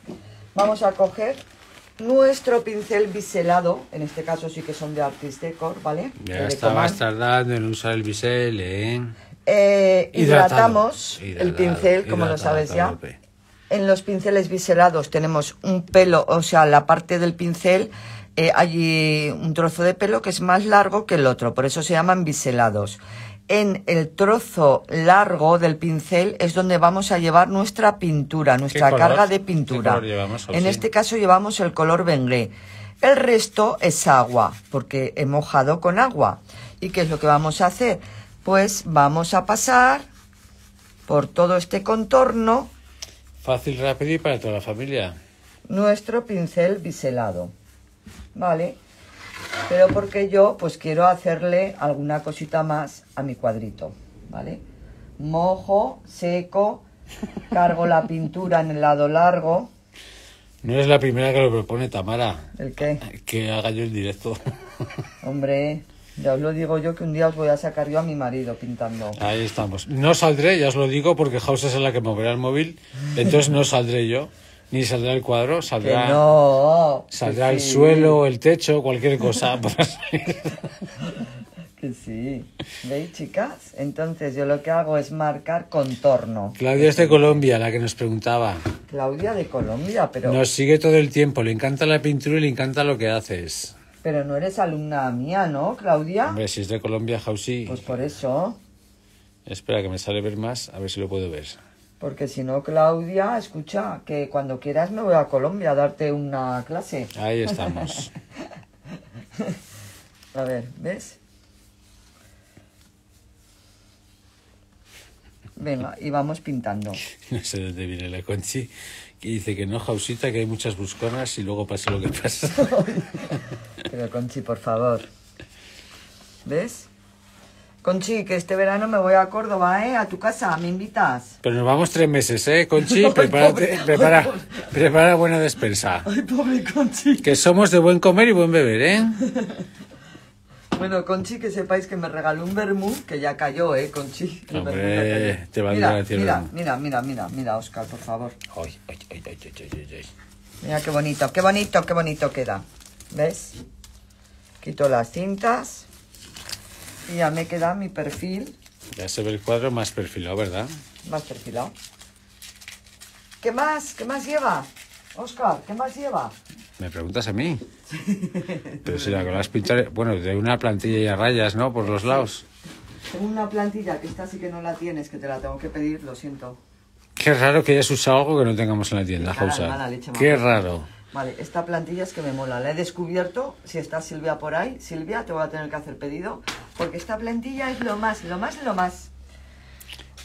Vamos a coger nuestro pincel biselado, en este caso sí que son de Artist Decor, ¿vale? Ya está más tardando en usar el bisel, ¿eh? Eh, hidratamos el pincel, como lo sabes ya. En los pinceles biselados tenemos un pelo, o sea, la parte del pincel, eh, hay un trozo de pelo que es más largo que el otro, por eso se llaman biselados. En el trozo largo del pincel es donde vamos a llevar nuestra pintura, nuestra carga de pintura. en este caso llevamos el color bengré. El resto es agua, porque he mojado con agua. ¿Y qué es lo que vamos a hacer? pues vamos a pasar por todo este contorno. Fácil, rápido y para toda la familia. Nuestro pincel biselado. ¿Vale? Pero porque yo pues quiero hacerle alguna cosita más a mi cuadrito. ¿Vale? Mojo, seco, cargo la pintura en el lado largo. No es la primera que lo propone, Tamara. ¿El qué? Que haga yo el directo. Hombre, ya os lo digo yo que un día os voy a sacar yo a mi marido pintando. Ahí estamos. No saldré, ya os lo digo, porque House es la que moverá el móvil. Entonces no saldré yo, ni saldrá el cuadro, saldrá, saldrá el suelo, el techo, cualquier cosa. que sí. ¿Veis, chicas? Entonces yo lo que hago es marcar contorno. Claudia es de Colombia, la que nos preguntaba. Claudia de Colombia, pero... Nos sigue todo el tiempo, le encanta la pintura y le encanta lo que haces. Pero no eres alumna mía, ¿no, Claudia? Hombre, si es de Colombia, Jausí. Pues por eso. Espera, que me sale ver más, a ver si lo puedo ver. Porque si no, Claudia, escucha, que cuando quieras me voy a Colombia a darte una clase. Ahí estamos. a ver, ¿ves? Venga, y vamos pintando. No sé dónde viene la Conchi, que dice que no, Jausita, que hay muchas busconas y luego pasa lo que pasa. Pero Conchi, por favor. ¿Ves? Conchi, que este verano me voy a Córdoba, ¿eh? A tu casa, me invitas. Pero nos vamos tres meses, ¿eh, Conchi? prepárate, prepara, prepara buena despensa. Ay, pobre Conchi. Que somos de buen comer y buen beber, ¿eh? Bueno, Conchi, que sepáis que me regaló un vermú que ya cayó, ¿eh, Conchi? Hombre, te a mira, mira, mira, mira, mira, Oscar, por favor. Mira qué bonito, qué bonito, qué bonito queda. ¿Ves? Quito las cintas y ya me queda mi perfil. Ya se ve el cuadro más perfilado, ¿verdad? Más perfilado. ¿Qué más? ¿Qué más lleva? Oscar, ¿qué más lleva? ¿Me preguntas a mí? Pero si la las pintar, bueno, de una plantilla y a rayas, ¿no? Por los lados. Una plantilla que esta sí que no la tienes, que te la tengo que pedir, lo siento. Qué raro que hayas usado algo que no tengamos en la tienda, Qué raro. Vale, esta plantilla es que me mola. La he descubierto. Si está Silvia por ahí, Silvia, te voy a tener que hacer pedido. Porque esta plantilla es lo más, lo más, lo más.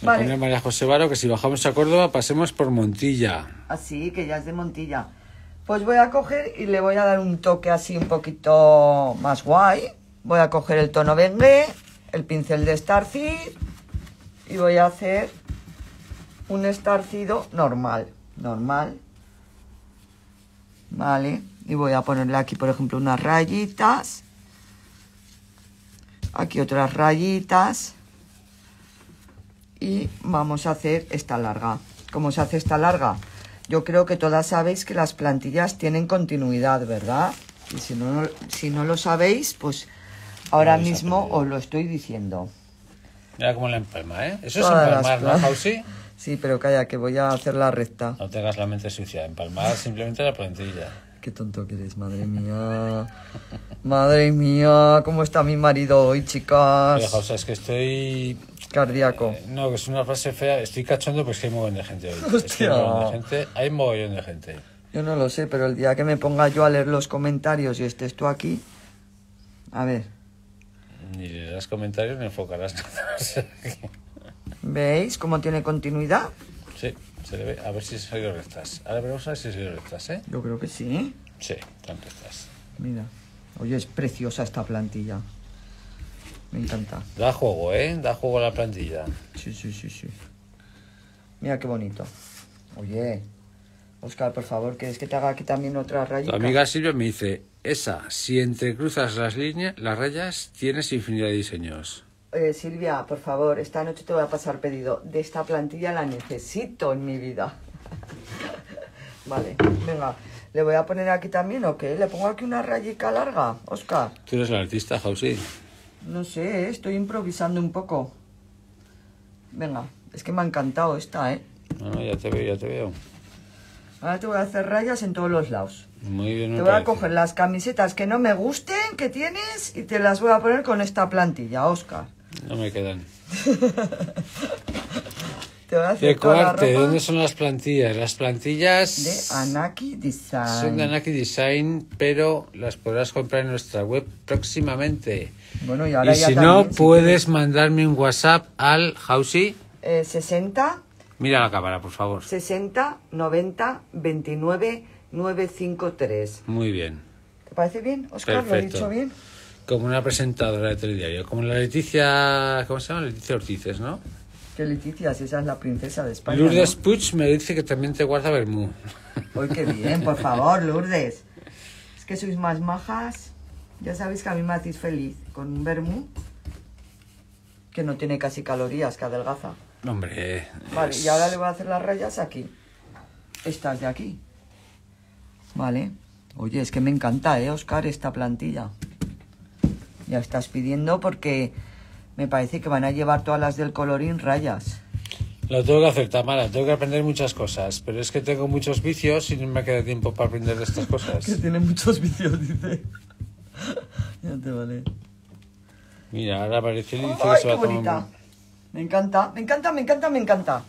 vale. María José Varo que si bajamos a Córdoba pasemos por Montilla. Así, ah, que ya es de Montilla. Pues voy a coger y le voy a dar un toque así un poquito más guay. Voy a coger el tono Bengue, el pincel de starcy y voy a hacer un estarcido normal, normal, ¿vale? Y voy a ponerle aquí, por ejemplo, unas rayitas. Aquí otras rayitas. Y vamos a hacer esta larga. ¿Cómo se hace esta larga? Yo creo que todas sabéis que las plantillas tienen continuidad, ¿verdad? Y si no, si no lo sabéis, pues ahora mismo os lo estoy diciendo. Mira cómo le empalma, ¿eh? Eso es empalmar, ¿no, Sí, pero calla, que voy a hacer la recta. No tengas la mente sucia, empalmar simplemente la plantilla. Qué tonto que eres, madre mía. Madre mía, ¿cómo está mi marido hoy, chicas? la o es que estoy... Eh, Cardíaco. no, que es una frase fea. Estoy cachondo porque es que hay mogollón de gente hoy. Hostia. hay un gente. Hay mogollón de gente. Yo no lo sé, pero el día que me ponga yo a leer los comentarios y estés tú aquí... A ver. Ni leerás comentarios ni enfocarás nada. ¿Veis cómo tiene continuidad? Sí, se ve, A ver si se ido rectas. Ahora veremos a ver si se ido rectas, ¿eh? Yo creo que sí. Sí, están rectas. Mira. Oye, es preciosa esta plantilla. Me encanta. Da juego, ¿eh? Da juego a la plantilla. Sí, sí, sí, sí. Mira qué bonito. Oye, Oscar, por favor, ¿quieres que te haga aquí también otra raya? amiga Silvia me dice, esa, si entrecruzas las líneas, las rayas, tienes infinidad de diseños. Eh, Silvia, por favor, esta noche te voy a pasar pedido. De esta plantilla la necesito en mi vida. vale, venga. ¿Le voy a poner aquí también o qué? ¿Le pongo aquí una rayica larga, Oscar? ¿Tú eres la artista, Jausi? No sé, estoy improvisando un poco. Venga, es que me ha encantado esta, ¿eh? ya te veo, ya te veo. Ahora te voy a hacer rayas en todos los lados. Muy bien. Te voy a coger las camisetas que no me gusten, que tienes, y te las voy a poner con esta plantilla, Oscar. No me quedan. ¿Te de cuarte, dónde son las plantillas? Las plantillas... De Anaki Design. Son de Anaki Design, pero las podrás comprar en nuestra web próximamente. Bueno, y ahora y si no, puedes mandarme un WhatsApp al Hausi. Eh, 60... Mira la cámara, por favor. 60 90 29 953. Muy bien. ¿Te parece bien, Oscar? ¿Lo he dicho bien? como una presentadora de telediario, como la Leticia, ¿cómo se llama? Leticia Ortiz, ¿no? Que Leticia, si esa es la princesa de España. Lourdes Puch me dice que también te guarda Bermú. Uy, qué bien, por favor, Lourdes. Es que sois más majas. Ya sabéis que a mí me hacéis feliz con un Bermú que no tiene casi calorías, que adelgaza. Hombre. Vale, y ahora le voy a hacer las rayas aquí. Estas de aquí. Vale. Oye, es que me encanta, ¿eh, Oscar, esta plantilla? ya estás pidiendo porque me parece que van a llevar todas las del colorín rayas. Lo tengo que hacer, Tamara, tengo que aprender muchas cosas, pero es que tengo muchos vicios y no me queda tiempo para aprender estas cosas. que tiene muchos vicios, dice. ya te vale. Mira, ahora aparece y dice que se bonita! Me encanta, me encanta, me encanta, me encanta.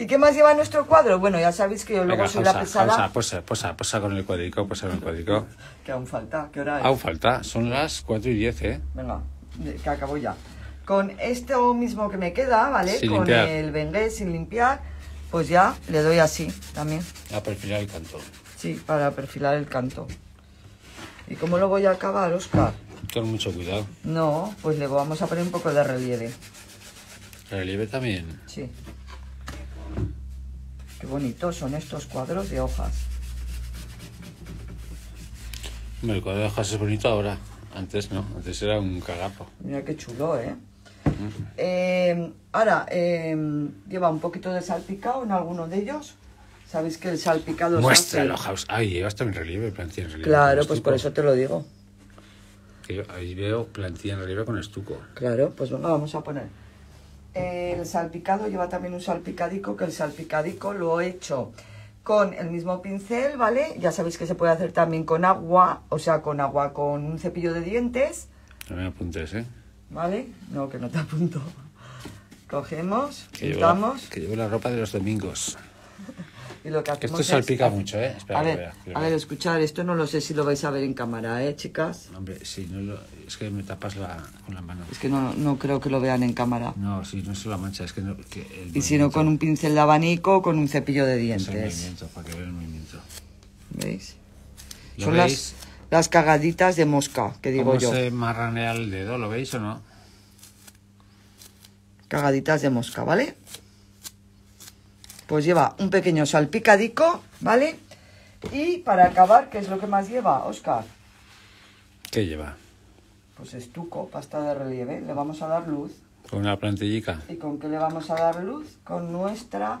¿Y qué más lleva nuestro cuadro? Bueno, ya sabéis que yo luego soy la pesada. posa, posa, posa con el cuadrico, posa con el cuadrico. que aún falta, ¿qué hora es? Aún falta, son las 4 y 10, ¿eh? Venga, que acabo ya. Con esto mismo que me queda, ¿vale? con el bengué sin limpiar, pues ya le doy así también. A perfilar el canto. Sí, para perfilar el canto. ¿Y cómo lo voy a acabar, Oscar? Con mucho cuidado. No, pues le vamos a poner un poco de relieve. ¿Relieve también? Sí. Qué bonitos son estos cuadros de hojas. El cuadro de hojas es bonito ahora. Antes no, antes era un calapo. Mira qué chulo, ¿eh? Mm. eh ahora, eh, lleva un poquito de salpicado en alguno de ellos. Sabéis que el salpicado... el hace... Ahí lleva hasta en relieve, plantilla en relieve. Claro, pues por eso te lo digo. ahí veo plantilla en relieve con estuco. Claro, pues bueno, vamos a poner el salpicado lleva también un salpicadico, que el salpicadico lo he hecho con el mismo pincel, ¿vale? Ya sabéis que se puede hacer también con agua, o sea, con agua, con un cepillo de dientes. No apuntes, ¿eh? ¿Vale? No, que no te apunto. Cogemos, que que llevo la ropa de los domingos esto salpica mucho, ¿eh? a, ver, a ver, escuchar, esto no lo sé si lo vais a ver en cámara, ¿eh, chicas? Hombre, sí, no lo... es que me tapas la... con la mano. Es que no, no creo que lo vean en cámara. No, sí, no es la mancha, es que... No, el y sino con un pincel de abanico o con un cepillo de dientes. Es el para que vean el movimiento. ¿Veis? Son Las, las cagaditas de mosca, que digo ¿Cómo yo. se marranea el dedo? ¿Lo veis o no? Cagaditas de mosca, ¿vale? pues lleva un pequeño salpicadico, ¿vale? Y para acabar, ¿qué es lo que más lleva, Oscar? ¿Qué lleva? Pues estuco, pasta de relieve, le vamos a dar luz. Con una plantillica. ¿Y con qué le vamos a dar luz? Con nuestra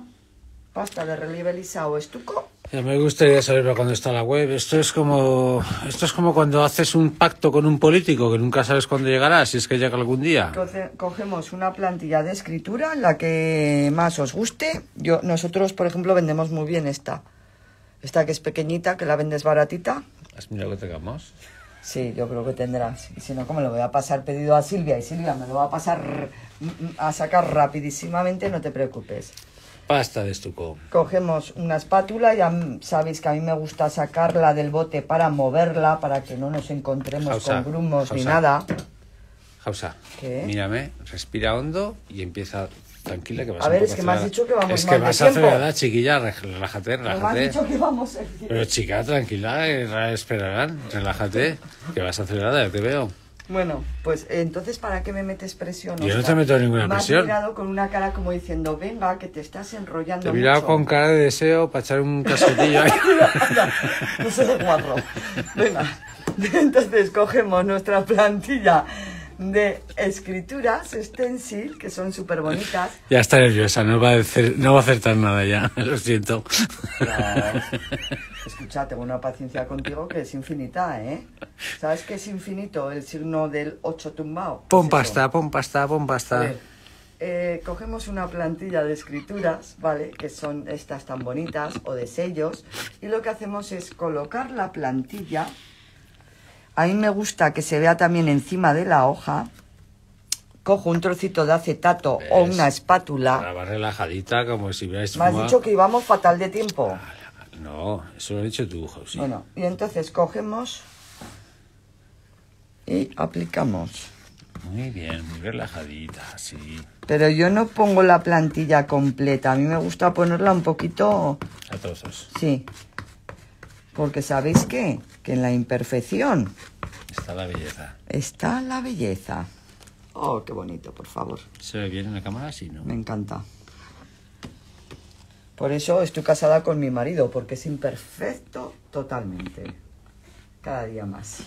pasta de relieve lisa o estuco ya eh, me gustaría saber cuando cuándo está la web. Esto es como esto es como cuando haces un pacto con un político que nunca sabes cuándo llegará, si es que llega algún día. Cogemos una plantilla de escritura, la que más os guste. Yo nosotros, por ejemplo, vendemos muy bien esta. Esta que es pequeñita, que la vendes baratita. ¿Has mirado que tengamos? Sí, yo creo que tendrás. si no, como lo voy a pasar pedido a Silvia y Silvia me lo va a pasar a sacar rapidísimamente, no te preocupes. Pasta de estuco. Cogemos una espátula, ya sabéis que a mí me gusta sacarla del bote para moverla, para que no nos encontremos con grumos ni nada. Jausa, mírame, respira hondo y empieza tranquila que vas a ver, es que me has dicho que vamos Es que vas acelerada, chiquilla, relájate, relájate. Me has dicho que vamos a... Pero chica, tranquila, eh, esperarán, relájate, que vas acelerada, ya te veo. Bueno, pues entonces, ¿para qué me metes presión? Yo no te meto ninguna presión. Me has mirado con una cara como diciendo, venga, que te estás enrollando. Te he mirado con cara de deseo para echar un casetillo ahí. no, sé de Venga, entonces cogemos nuestra plantilla de escrituras, stencil, que son súper bonitas. Ya está nerviosa, no va, a no va a acertar nada ya, lo siento. Escucha, tengo una paciencia contigo que es infinita, ¿eh? ¿Sabes que es infinito el signo del 8 tumbado? Pon pasta, pompasta. pasta, pon eh, cogemos una plantilla de escrituras, ¿vale? Que son estas tan bonitas o de sellos. Y lo que hacemos es colocar la plantilla a mí me gusta que se vea también encima de la hoja. Cojo un trocito de acetato o una espátula. Ahora relajadita como si Me has dicho que íbamos fatal de tiempo. Ah, no, eso lo he dicho tú, Bueno, y entonces cogemos y aplicamos. Muy bien, muy relajadita, sí. Pero yo no pongo la plantilla completa, a mí me gusta ponerla un poquito... A trozos. Sí, porque ¿sabéis qué? Que en la imperfección... Está la belleza. Está la belleza. Oh, qué bonito, por favor. ¿Se ve bien en la cámara? Sí, ¿no? Me encanta. Por eso estoy casada con mi marido, porque es imperfecto totalmente. Cada día más.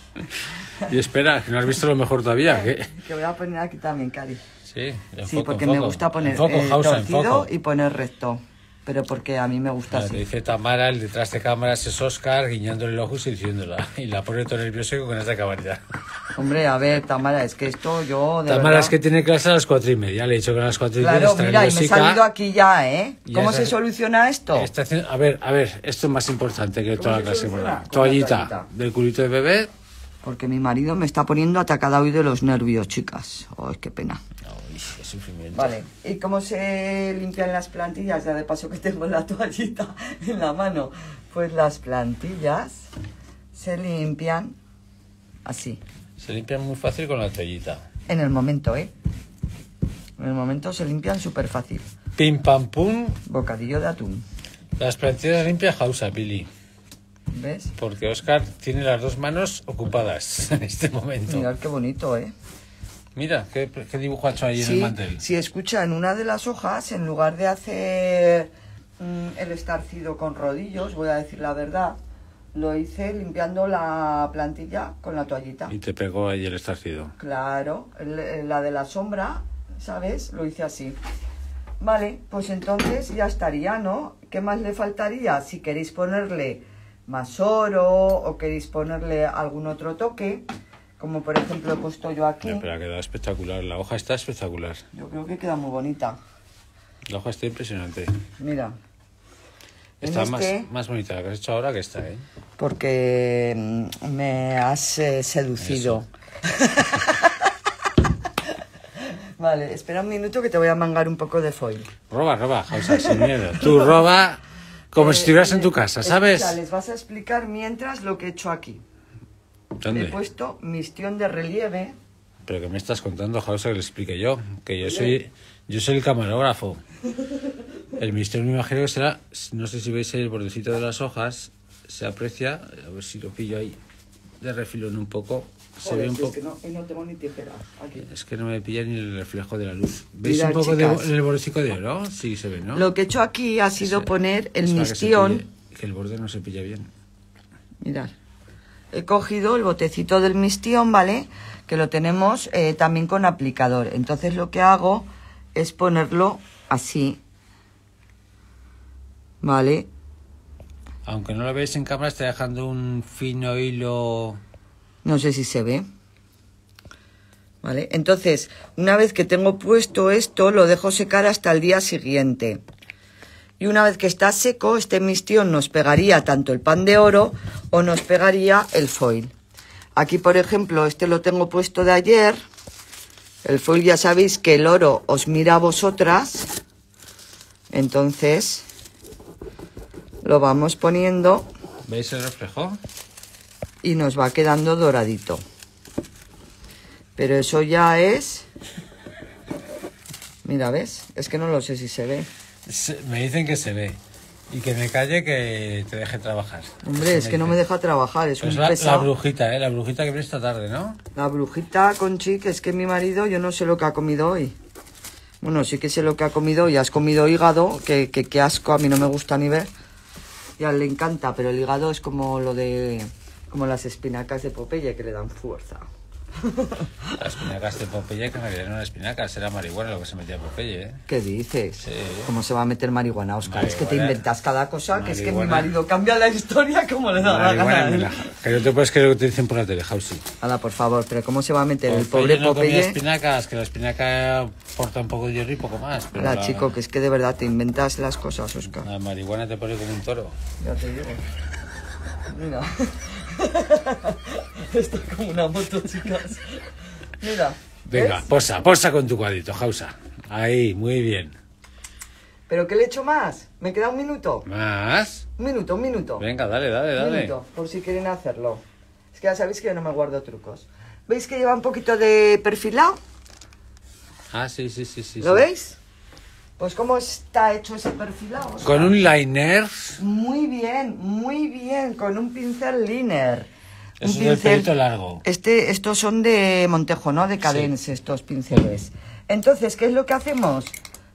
Y espera, que no has visto lo mejor todavía. ¿eh? Que voy a poner aquí también, Cari. Sí, sí porque me gusta poner enfoco, eh, y poner recto pero porque a mí me gusta claro, Dice Tamara, el detrás de cámaras es Oscar guiñándole los ojos y diciéndola. Y la pone todo nervioso con esta cabalidad Hombre, a ver, Tamara, es que esto yo. Tamara es que tiene clase a las cuatro y media, le he dicho que a las cuatro y media. Claro, mira, y me he salido aquí ya, ¿eh? ¿Cómo se soluciona esto? A ver, a ver, esto es más importante que toda la clase. Toallita, del culito de bebé. Porque mi marido me está poniendo atacada hoy de los nervios, chicas. Oh, oh, qué pena. Vale, ¿y cómo se limpian las plantillas? Ya de paso que tengo la toallita en la mano. Pues las plantillas se limpian así. Se limpian muy fácil con la toallita. En el momento, ¿eh? En el momento se limpian súper fácil. Pim pam pum. Bocadillo de atún. Las plantillas limpias Hausa, Billy. ¿Ves? Porque Oscar tiene las dos manos ocupadas en este momento. Mirad qué bonito, ¿eh? Mira, ¿qué, dibujo ha hecho ahí en el mantel? Si escucha, en una de las hojas, en lugar de hacer mm, el estarcido con rodillos, voy a decir la verdad, lo hice limpiando la plantilla con la toallita. Y te pegó ahí el estarcido. Claro, la de la sombra, ¿sabes? Lo hice así. Vale, pues entonces ya estaría, ¿no? ¿Qué más le faltaría? Si queréis ponerle más oro o queréis ponerle algún otro toque, como por ejemplo he puesto yo aquí. Pero ha quedado espectacular, la hoja está espectacular. Yo creo que queda muy bonita. La hoja está impresionante. Mira. Está este más, bonita la que has hecho ahora que esta, ¿eh? Porque mm, me has eh, seducido. vale, espera un minuto que te voy a mangar un poco de foil. Roba, roba, Jausa, sin miedo. Tú roba como eh, si estuvieras en tu eh, casa, ¿sabes? les vas a explicar mientras lo que he hecho aquí. He puesto mistión de relieve. ¿Pero que me estás contando, Jausa, que le explique yo? Que yo soy, yo soy el camarógrafo. El mistión me imagino que será, no sé si veis el bordecito de las hojas, se aprecia, a ver si lo pillo ahí, de refilón un poco. Se ve un poco. Es que no, tengo ni tijera. Es que no me pilla ni el reflejo de la luz. ¿Veis un poco el bordecito de oro? Sí, se ve, ¿no? Lo que he hecho aquí ha sido poner el mistión. Que, que el borde no se pilla bien. Mirad he cogido el botecito del mistión, ¿vale? Que lo tenemos eh, también con aplicador. Entonces lo que hago es ponerlo así, ¿vale? Aunque no lo veis en cámara, está dejando un fino hilo... No sé si se ve. ¿Vale? Entonces, una vez que tengo puesto esto, lo dejo secar hasta el día siguiente y una vez que está seco, este mistión nos pegaría tanto el pan de oro o nos pegaría el foil. Aquí, por ejemplo, este lo tengo puesto de ayer. El foil ya sabéis que el oro os mira a vosotras. Entonces, lo vamos poniendo. ¿Veis el reflejo? Y nos va quedando doradito. Pero eso ya es... Mira, ¿ves? Es que no lo sé si se ve me dicen que se ve. Y que me calle que te deje trabajar. Hombre, es que no me deja trabajar, es pues una brujita, ¿eh? La brujita que viene esta tarde, ¿no? La brujita, con que es que mi marido, yo no sé lo que ha comido hoy. Bueno, sí que sé lo que ha comido y has comido hígado, que, que, asco, a mí no me gusta ni ver. ya le encanta, pero el hígado es como lo de... como las espinacas de Popeye, que le dan fuerza. Las espinacas de Popeye que me no las espinacas, era marihuana lo que se metía Popeye, ¿eh? ¿Qué dices? ¿Cómo se va a meter marihuana, Oscar? Es que te inventas cada cosa, que es que mi marido cambia la historia como le da la gana. que yo te puedes creer lo que te dicen por la tele, house Hala, por favor, pero ¿cómo se va a meter el pobre no Popeye? Comía espinacas, que la espinaca porta un poco de hierro y poco más. Pero Hala, la... chico, que es que de verdad te inventas las cosas, Oscar. La marihuana te pone como un toro. Ya te digo. Mira. Esto es como una moto, chicas. Mira. Venga, posa, posa con tu cuadrito, Jausa. Ahí, muy bien. ¿Pero qué le echo más? ¿Me queda un minuto? ¿Más? Un minuto, un minuto. Venga, dale, dale, dale. Un minuto, por si quieren hacerlo. Es que ya sabéis que yo no me guardo trucos. ¿Veis que lleva un poquito de perfilado? Ah, sí, sí, sí, sí. ¿Lo veis? Pues cómo está hecho ese perfilado. Ah, pues, ¿Con un liner? Muy bien, muy bien, con un pincel liner. un pincel largo. Este, estos son de Montejo, ¿no? De Cadence, estos pinceles. Entonces, ¿qué es lo que hacemos?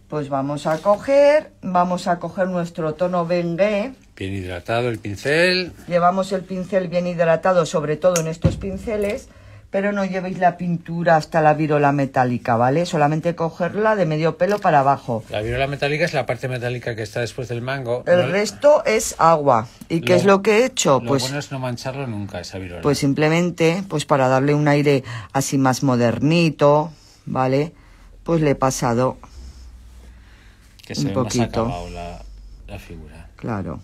Pues vamos a coger, vamos a coger nuestro tono Bengue. Bien hidratado el pincel. Llevamos el pincel bien hidratado, sobre todo en estos pinceles pero no llevéis la pintura hasta la virola metálica, ¿vale? Solamente cogerla de medio pelo para abajo. La virola metálica es la parte metálica que está después del mango. El resto es agua. ¿Y qué es lo que he hecho? Lo pues, bueno es no mancharlo nunca, esa virola. Pues simplemente, pues para darle un aire así más modernito, ¿vale? Pues le he pasado que se un poquito. la, figura. Claro,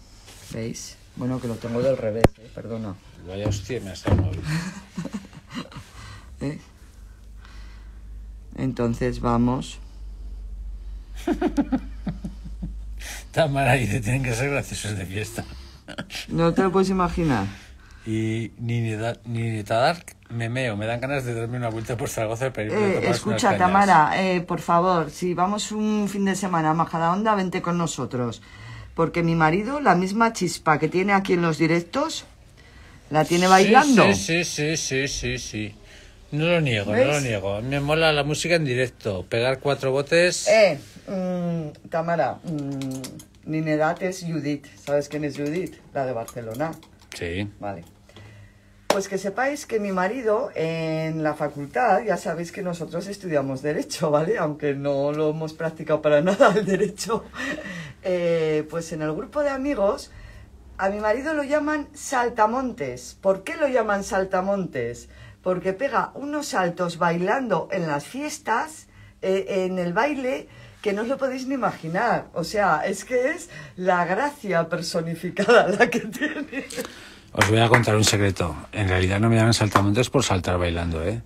¿veis? Bueno, que lo tengo del revés, ¿eh? perdona. Vaya hostia, me ha ¿Eh? Entonces vamos. Tamara dice, tienen que ser graciosos de fiesta. No te lo puedes imaginar. Y ni ni Dark me meo, me dan ganas de darme una vuelta por Zaragoza eh, Escucha, Tamara, eh, por favor, si vamos un fin de semana a onda vente con nosotros. Porque mi marido, la misma chispa que tiene aquí en los directos, la tiene bailando. sí, sí, sí, sí. sí. No lo niego, no lo niego. Me mola la música en directo. Pegar cuatro botes. Eh, Tamara, mm, cámara. Mm, es Judith. ¿Sabes quién es Judith? La de Barcelona. Sí. Vale. Pues que sepáis que mi marido en la facultad, ya sabéis que nosotros estudiamos derecho, ¿vale? Aunque no lo hemos practicado para nada el derecho. Eh, pues en el grupo de amigos, a mi marido lo llaman saltamontes. ¿Por qué lo llaman saltamontes? porque pega unos saltos bailando en las fiestas, eh, en el baile, que no os lo podéis ni imaginar. O sea, es que es la gracia personificada la que tiene. Os voy a contar un secreto. En realidad no me llaman saltamontes por saltar bailando, ¿eh?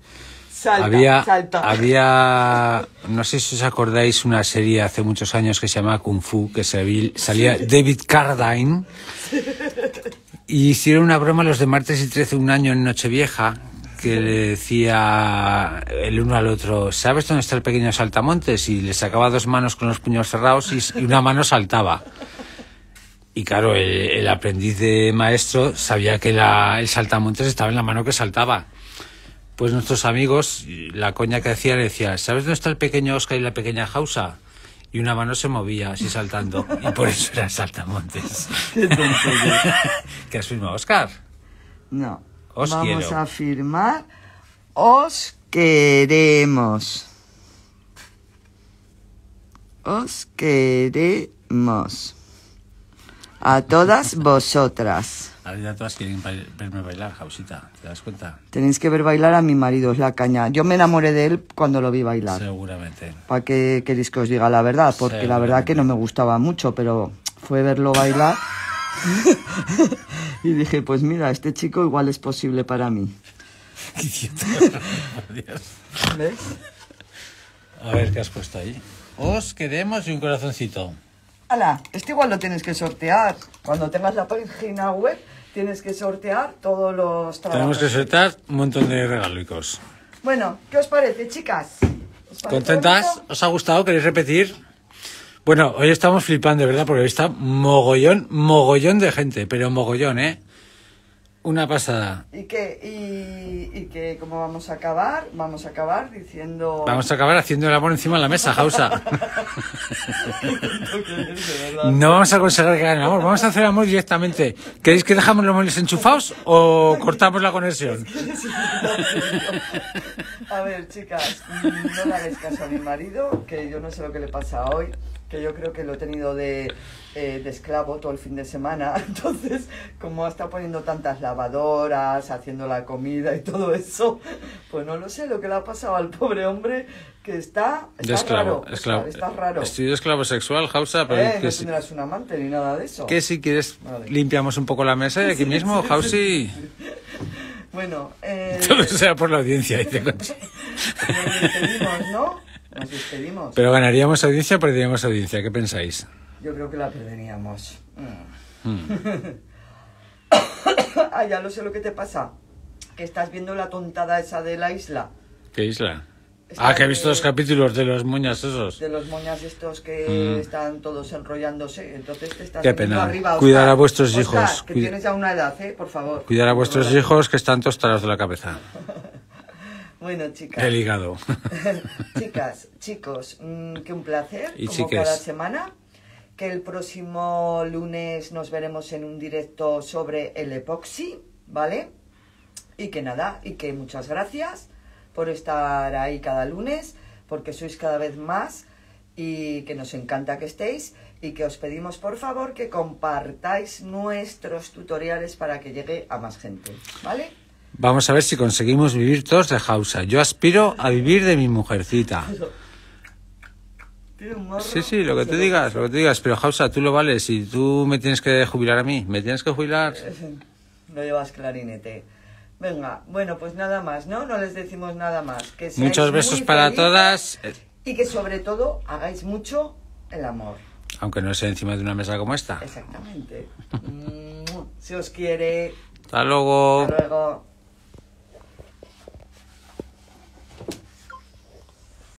Salta, había, había, no sé si os acordáis, una serie hace muchos años que se llamaba Kung Fu, que salía David Cardine. Y hicieron una broma los de martes y 13, un año en Nochevieja, que le decía el uno al otro, ¿sabes dónde está el pequeño saltamontes? Y le sacaba dos manos con los puños cerrados y, una mano saltaba. Y claro, el, aprendiz de maestro sabía que el saltamontes estaba en la mano que saltaba. Pues nuestros amigos, la coña que hacía, le decía, ¿sabes dónde está el pequeño Oscar y la pequeña Jausa? y una mano se movía así saltando y por eso era saltamontes. ¿Qué has Oscar? No. Vamos a firmar. Os queremos. Os queremos. A todas vosotras. Ahora ya todas quieren verme bailar, Jausita. ¿Te das cuenta? Tenéis que ver bailar a mi marido, es la caña. Yo me enamoré de él cuando lo vi bailar. Seguramente. ¿Para qué queréis que os diga la verdad? Porque la verdad que no me gustaba mucho, pero fue verlo bailar. y dije, pues mira, este chico igual es posible para mí. A ver qué has puesto ahí. Os queremos un corazoncito. Ala, este igual lo tienes que sortear. Cuando tengas la página web, tienes que sortear todos los trabajos. Tenemos que sortear un montón de regalos Bueno, ¿qué os parece, chicas? ¿Contentas? ¿Os ha gustado? ¿Queréis repetir? Bueno, hoy estamos flipando, ¿verdad? Porque está mogollón, mogollón de gente, pero mogollón, ¿eh? Una pasada. ¿Y que, y, cómo vamos a acabar? Vamos a acabar diciendo... Vamos a acabar haciendo el amor encima de la mesa, Jausa. no vamos a conseguir que hagan el amor, vamos a hacer el amor directamente. ¿Queréis que dejamos los móviles enchufados o cortamos la conexión? a ver, chicas, no le hagáis caso a mi marido, que yo no sé lo que le pasa hoy que yo creo que lo he tenido de, eh, esclavo todo el fin de semana. Entonces, como está poniendo tantas lavadoras, haciendo la comida y todo eso, pues no lo sé lo que le ha pasado al pobre hombre que está, esclavo, raro, esclavo. Está, raro. Estoy de esclavo sexual, Hausa, pero eh, que no tendrás un amante ni nada de eso. Que si quieres limpiamos un poco la mesa de aquí mismo, sí, Hausi. bueno, eh... todo sea por la audiencia, dice. ¿no? Pero ganaríamos audiencia o perderíamos audiencia, ¿qué pensáis? Yo creo que la perderíamos. ah, ya lo sé lo que te pasa. Que estás viendo la tontada esa de la isla. ¿Qué isla? ah, que he visto los capítulos de los moñas esos. De los moñas estos que mm. están todos enrollándose. Entonces te estás Qué pena. arriba. Cuidar a vuestros hijos. Que tienes ya una edad, ¿eh? Por favor. Cuidar a vuestros hijos que están tostados de la cabeza. Bueno, chicas. El chicas, chicos, qué mm, que un placer. Y como cada semana. Que el próximo lunes nos veremos en un directo sobre el epoxi, ¿vale? Y que nada, y que muchas gracias por estar ahí cada lunes, porque sois cada vez más y que nos encanta que estéis y que os pedimos por favor que compartáis nuestros tutoriales para que llegue a más gente, ¿vale? Vamos a ver si conseguimos vivir todos de Hausa. Yo aspiro a vivir de mi mujercita. Sí, sí, lo que tú digas, lo que tú digas. Pero Hausa, tú lo vales y tú me tienes que jubilar a mí. ¿Me tienes que jubilar? Eh, eh, no llevas clarinete. Venga, bueno, pues nada más, ¿no? No les decimos nada más. Que Muchos besos para todas. Y que sobre todo hagáis mucho el amor. Aunque no sea encima de una mesa como esta. Exactamente. si os quiere. Hasta luego. Hasta luego.